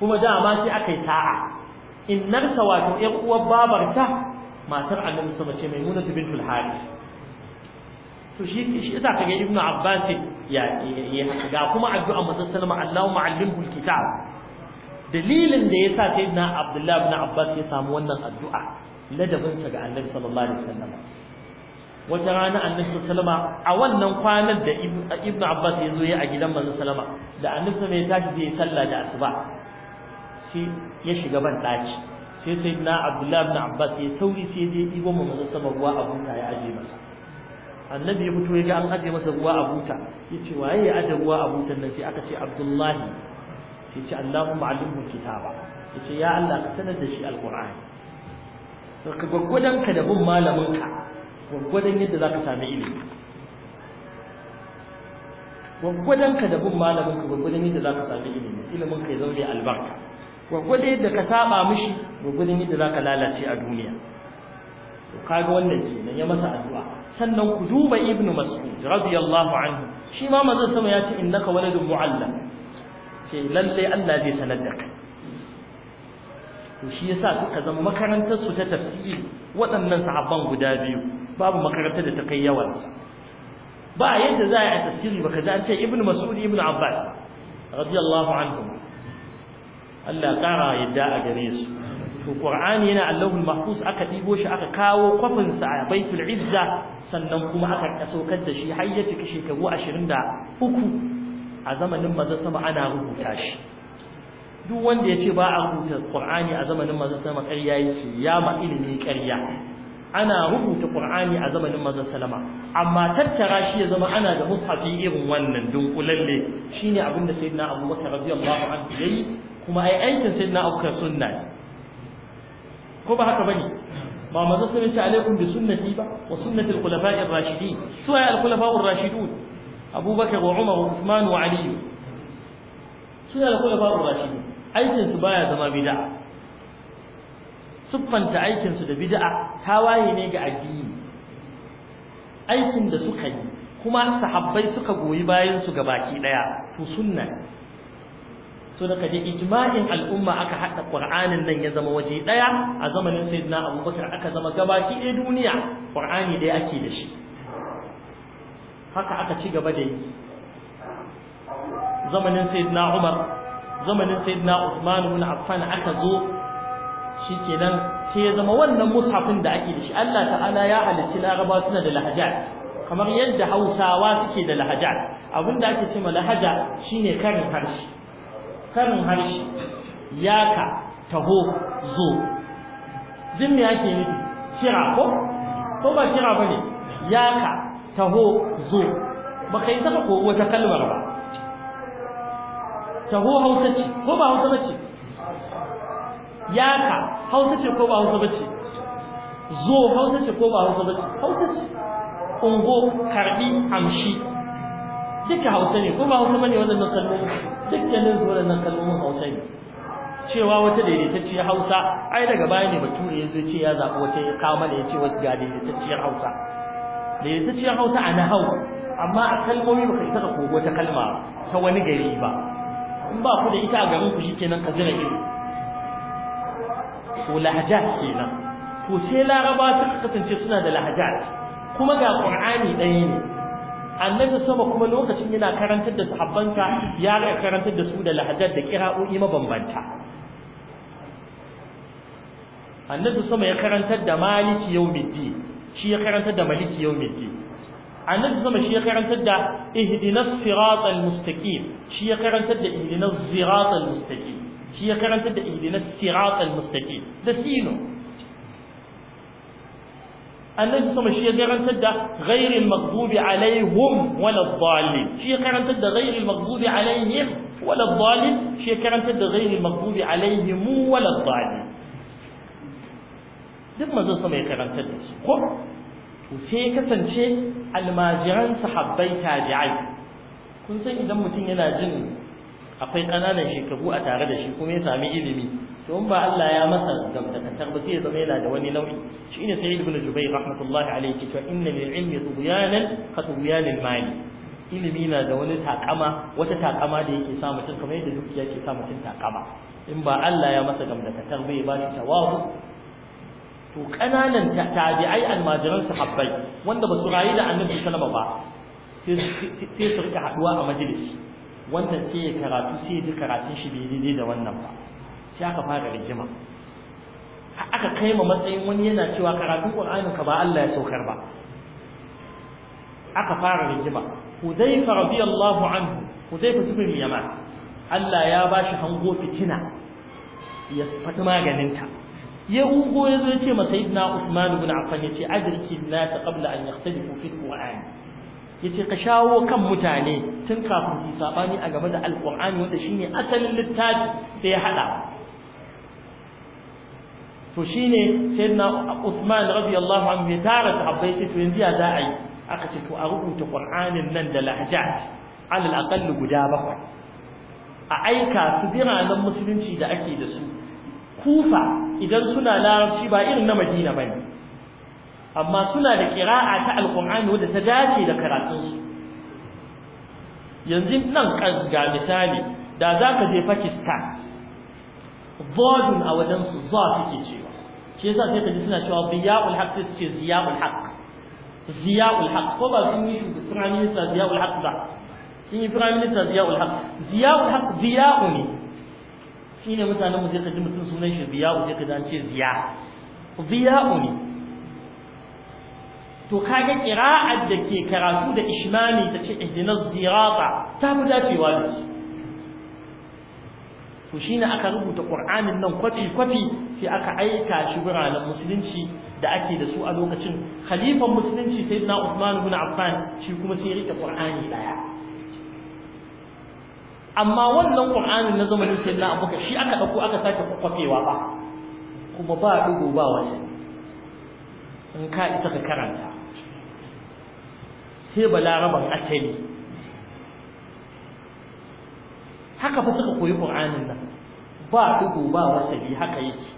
kuma da sai aka ta'a innarsa wato ƴan uwar babarta matar annabi sama ce maimuna bintul harith to shi shi yasa kaga ibnu abbas ya ga kuma addu'a manzon sallama Allahumma allimhu alkitab dalilin da yasa sayyidina abdullahi ibn abbas ya samu wannan addu'a ladabin sa ga annabi sallallahu alaihi wasallam wata rana annabi sallama a wannan kwanan da ibnu abbas ya zo ya a gidan manzon sallama da annabi sallama ya tashi zai sallah da asuba sai ya shiga ban daci sai sai na abdullahi ibn abbas ya sauri sai je ɗibo mu manzo sama ruwa a buta ya aje masa annabi ya fito ya ga an aje masa ruwa a buta ya ce waye ya aje ruwa a butan nan sai aka ce abdullahi sai ce allahumma alimhu kitaba ya ce ya allah ka sanar da shi alqur'ani to ka gwaggwadon ka da bin malamin ka gwaggwadon yadda zaka sami ilimi gwaggwadon ka da bin malamin ka gwaggwadon yadda zaka sami ilimi ilimin ka ya zaune albarka gwagwada da ka saba mishi gwagwadon yadda za ka lalace a duniya to kaga wannan kenan ya masa addu'a sannan ku duba ibnu mas'ud radiyallahu anhu shi ma sama ya ce innaka waladun mu'allam ce lalle Allah zai sanar da kai to shi yasa suka zama makarantar su ta tafsiri waɗannan sahabban guda biyu babu makarantar da ta kai yawan ba yadda za a yi tafsiri ka ji an ce ibnu mas'ud ibnu abbas radiyallahu anhu Allah kara yadda a gare su to qur'ani yana allahul mahfuz aka dibo shi aka kawo kwafin sa a baitul izza sannan kuma aka kasaukar da shi har ya cika shekaru 23 a zamanin manzo sama ana rubuta shi duk wanda yace ba a rubuta qur'ani a zamanin manzo sama ƙarya yake ya ma ilimi ƙarya ana rubuta qur'ani a zamanin manzo sallama amma tattara shi ya zama ana da mushafi irin wannan dunkulalle shine abinda sayyidina abubakar radiyallahu anhu yayi kuma ai aikin sayyidina abubakar sunna ne ko ba haka bane ba manzo sun ce alaikum bi sunnati ba wa sunnati al-khulafa'i ar-rashidin su ay al-khulafa'u ar-rashidun abubakar wa umar wa usman wa ali su ay al-khulafa'u ar-rashidun aikin su baya zama bid'a siffanta aikin su da bid'a tawaye ne ga addini aikin da suka yi kuma sahabbai suka goyi bayan su gabaki daya to sunna so daga da ijma'in al'umma aka haɗa qur'anin nan ya zama waje ɗaya a zamanin sayyidina abubakar aka zama gabaki ɗaya duniya qur'ani dai ake da shi haka aka ci gaba da yi zamanin sayyidina umar zamanin sayyidina usman ibn affan aka zo shikenan sai ya zama wannan mushafin da ake da shi Allah ta'ala ya halicci laraba suna da lahajat kamar yadda hausawa suke da lahaja abinda ake ce ma lahaja shine karin harshe karin harshe yaka taho zo jin ake nufi kira ko ko ba kira ba ne yaka taho zo ba ka yi taba ko wata kalmar ba
taho hausa ce ko ba hausa ba
ce yaka hausa ce ko ba hausa ba ce zo hausa ce ko ba hausa ba ce hausa ce ungo karbi amshi duka hausa ne ko ba hausa bane waɗannan kalmomin dukkanin su waɗannan kalmomin hausa ne cewa wata daidaitacciyar hausa ai daga baya ne bature ya zo ce ya zaɓi wata ya kawo mana ya ce wasu ga daidaitacciyar hausa daidaitacciyar hausa a nahau amma a kalmomi ba kai ka kogo ta kalma ta wani gari ba in ba ku da ita a garin ku shikenan ka jira ido ko lahaja kenan to sai laraba ta kasance suna da lahaja kuma ga qur'ani ɗaya ne annabi sama kuma lokacin yana karantar da sahabbansa ya ga karantar da su da lahajar da kira'o'i mabambanta annabi sama ya karantar da maliki yawmiddin shi ya karantar da maliki yawmiddin annabi sama shi ya karantar da ihdinas siratal mustaqim shi ya karantar da ihdinas siratal mustaqim shi ya karantar da ihdinas siratal mustaqim da sino annabi sama shi ya karantar da ghairil maghdubi alaihim wala dhalin shi ya karantar da ghairil maghdubi alaihim wala dhalin shi ya karantar da ghairil maghdubi alaihim wala dhalin duk manzo sama ya karantar da su ko to sai ya kasance almajiran sahabbai tabi'ai kun san idan mutum yana jin akwai ƙananan shekaru a tare da shi kuma ya sami ilimi to in ba Allah ya masa gamtakatar ba sai ya zama yana da wani nau'i Shi shine sai ibn jubayr rahmatullahi alayhi to inna lil ilmi tubyanan ka tubyanil mali ilimi na da wani takama wata takama da yake sa mutum kamar yadda dukiya ke sa mutum takama in ba Allah ya masa gamtakatar bai ba shi tawabu to kananan tabi'ai almajiran sahabbai wanda ba su rayu da annabi sallallahu alaihi wasallam ba sai su rika haduwa a majalisi wannan sai ya karatu sai ya ji karatun shi bai daidai da wannan ba sai aka fara rigima aka kai ma matsayin wani yana cewa karatun Qur'anin ka ba Allah ya saukar ba aka fara rigima Hudayfa radiyallahu anhu Hudayfa ibn Yaman Allah ya bashi hango fitina ya fata maganinta ya ungo ya zo ya ce masa Usman ibn Affan ya ce adrikin nas qabla an yahtalifu fi Qur'an yace ka shawo kan mutane tun kafin su sabani a game da alqur'ani wanda shine asalin littafi sai ya hada to shine sayyidina Uthman radiyallahu anhu ya tara sahabbai sai to yanzu ya za a yi aka ce to a rubuta Qur'anin nan da lahjat alal aqall guda bakwai a aika su biranen musulunci da ake da su kufa idan suna larabci ba irin na Madina bane amma suna da kira'a ta alqur'ani wadda ta dace da karatun su yanzu nan ga misali da zaka je Pakistan Bodun a wajen su cewa shi yasa sai ka ji suna cewa biyaul haq sai su ce ziyaul haq ziyaul haq ko ba sun yi ba sun yi ne mutanen mu sai ka ji mutum sunan shi sai ka ce ziya ne to da ke karatu da ishmami ta ce ihdinas zirata ta fi dacewa da shi to shine aka rubuta Qur'anin nan kwafi kwafi sai aka aika shi biranen musulunci da ake da su a lokacin khalifan musulunci na Uthman ibn Affan shi kuma sai rike Qur'ani daya amma wannan Qur'anin na zamanin na Abubakar shi aka dauko aka sake kwafewa ba kuma ba dugo ba wani in ka isa ka karanta sai balaraban asali haka fa suka koyi qur'anin nan ba dugu ba wasali haka yake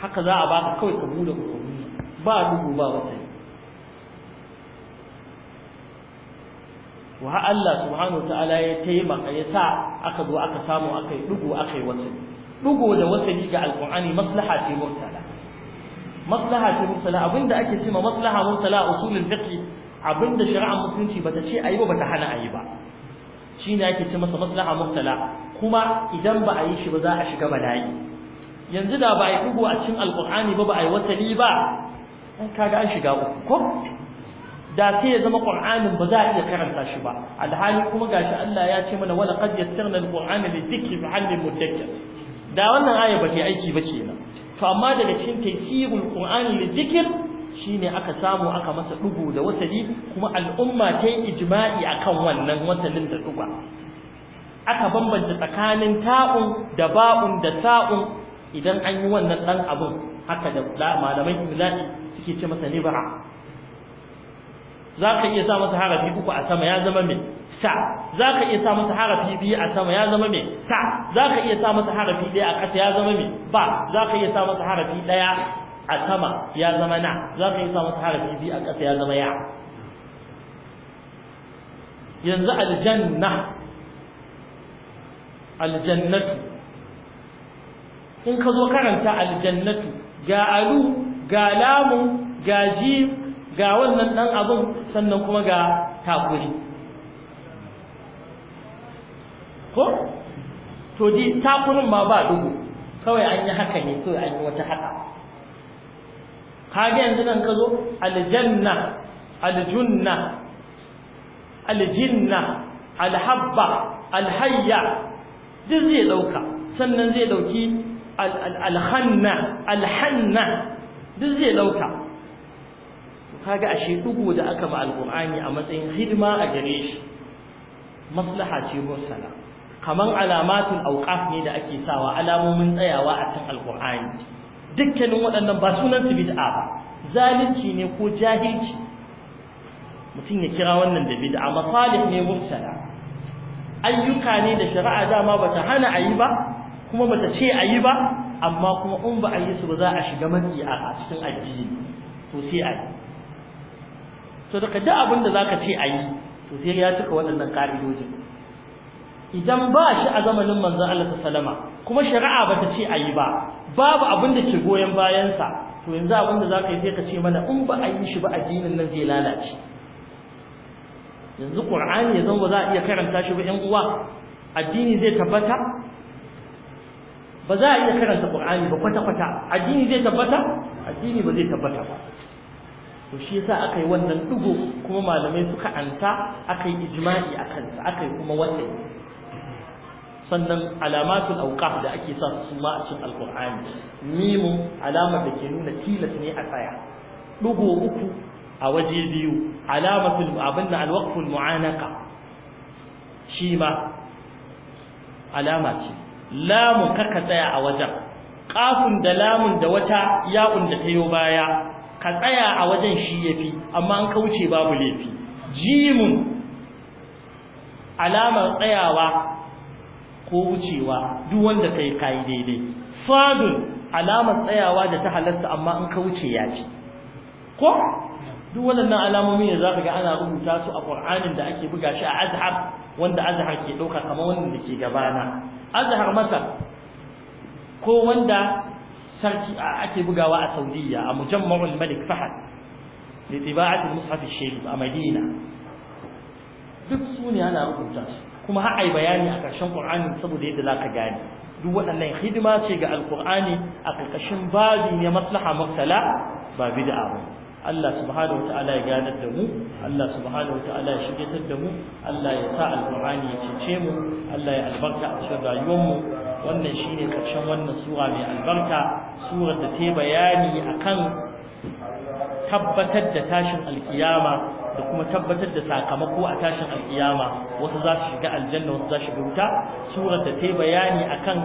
haka za a baka kawai ka bude qur'ani ba dugu ba wasali wa Allah subhanahu ta'ala ya taimaka ya sa aka zo aka samu aka yi dugu aka yi wasali dugu da wasali ga alqur'ani maslaha ce murtala maslaha ce mursala abinda ake cewa maslaha mursala usulul fiqh abinda shari'ar musulunci bata ce ayi ba bata hana ayi ba shi ne ake ce masa maslaha mursala kuma idan ba a yi shi ba za a shiga bala'i yanzu da ba a yi ɗigo a cikin alƙur'ani ba ba a yi wasali ba kaga an shiga uku ko da sai ya zama Qur'anin ba za a iya karanta shi ba alhali kuma gashi Allah ya ce mana wala qad yassarna al-Qur'ana lidhikri fa hal mudakkir da wannan aya ba ta aiki ba kenan to amma daga cikin ƙur'ani Qur'ani lidhikr shine aka samu aka masa dugu da wasali kuma al'umma ta yi ijma'i akan wannan wasalin da duga aka bambanta tsakanin ta'un da ba'un da ta'un idan an yi wannan dan abun. haka da malamai imla'i suke ce masa Za ka iya sa masa harafi uku a sama ya zama mai? sa za ka iya sa masa harafi biyu a sama ya zama mai? sa za ka iya sa masa harafi ɗaya a ƙasa ya zama mai? ba za ka iya sa masa harafi ɗaya a sama ya zama na za ka yi sa masa harafi biyu a ƙasa ya zama ya yanzu aljanna aljannatu in ka zo karanta aljannatu ga alu ga lamu ga jim ga wannan ɗan abun sannan kuma ga takuri ko to di takurin ma ba dubu kawai an yi haka ne kawai an yi wata haka kage yanzu nan ka zo aljanna aljunna aljinna alhabba alhayya duk zai dauka sannan zai dauki alhanna alhanna duk zai dauka kaga ashe dugu da aka ba alqur'ani a matsayin hidima a gare shi maslaha ce sala kaman alamatul awqaf ne da ake sawa alamomin tsayawa a cikin alqur'ani dukkanin waɗannan ba sunan su bid'a ba zalunci ne ko jahilci mutum ya kira wannan da bid'a masalih ne mursala ayyuka ne da shari'a dama bata hana ayi ba kuma bata ce ayi ba amma kuma in ba a yi su ba za a shiga matsi a cikin addini to sai a yi to daga duk abin da zaka ce ayi to sai ya cika waɗannan ƙa'idojin idan ba shi a zamanin manzon Allah sallama kuma shari'a bata ce a yi ba babu abin da ke goyon bayansa to yanzu abin da za ka yi sai ka ce mana in ba a yi shi ba addinin nan zai lalace yanzu qur'ani ya zama ba za a iya karanta shi ba ƴan uwa addini zai tabbata ba za a iya karanta qur'ani ba kwata kwata addini zai tabbata addini ba zai tabbata ba to shi yasa aka yi wannan dugo kuma malamai suka anta aka yi ijma'i akan sa aka yi kuma wannan sannan alamatul auqaf da ake sa su ma a cikin alqur'ani mimu alamar da ke nuna tilas ne a tsaya dugo uku a waje biyu alamatul abin da alwaqful mu'anaka shi ma alama ce lamun kaka tsaya a wajen kafin da lamun da wata ya'un da tayo baya ka tsaya a wajen shi yafi amma an kauce babu laifi jimun alamar tsayawa ko wucewa duk wanda kai kai daidai sadun alamar tsayawa da ta halatta amma in ka wuce ya ci ko duk waɗannan alamomi ne zaka ga ana rubuta su a Qur'anin da ake buga shi a Azhar wanda Azhar ke dauka kamar wannan da ke gabana Azhar Masar ko wanda sarki ake bugawa a Saudiya a Mujamma'ul Malik Fahad li tiba'ati al-mushaf a Madina duk sune ana rubuta su kuma har ai bayani a ƙarshen Qur'ani saboda yadda zaka gane duk waɗannan hidima ce ga Al-Qur'ani a ƙarƙashin babu ne maslaha murtala ba bid'a ba Allah subhanahu wataala ya ganar da mu Allah subhanahu wataala ya shigetar da mu Allah ya sa Al-Qur'ani ya cece mu Allah ya albarka a cikin rayuwar mu wannan shine ƙarshen wannan sura mai albarka surar da ta bayani akan tabbatar da tashin alkiyama da kuma tabbatar da sakamako a tashin alkiyama wasu za su shiga aljanna wasu za su shiga wuta surar da ta bayani akan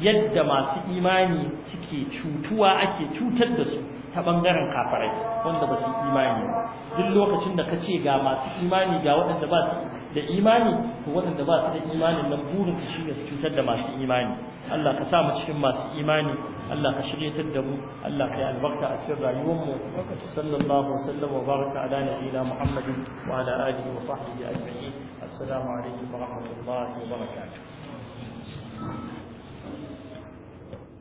yadda masu imani suke cutuwa ake cutar da su ta bangaren kafirai wanda ba su imani duk lokacin da ka ce ga masu imani ga waɗanda ba su da imani to waɗanda ba su da imani nan burin su shine su cutar da masu imani Allah ka sa mu cikin masu imani Allah ka shiryatar da mu Allah ka yi albarka a cikin rayuwar mu sallallahu alaihi wasallam wa baraka ala nabiyina Muhammadin wa ala alihi wa sahbihi ajma'in assalamu alaikum wa rahmatullahi wa barakatuh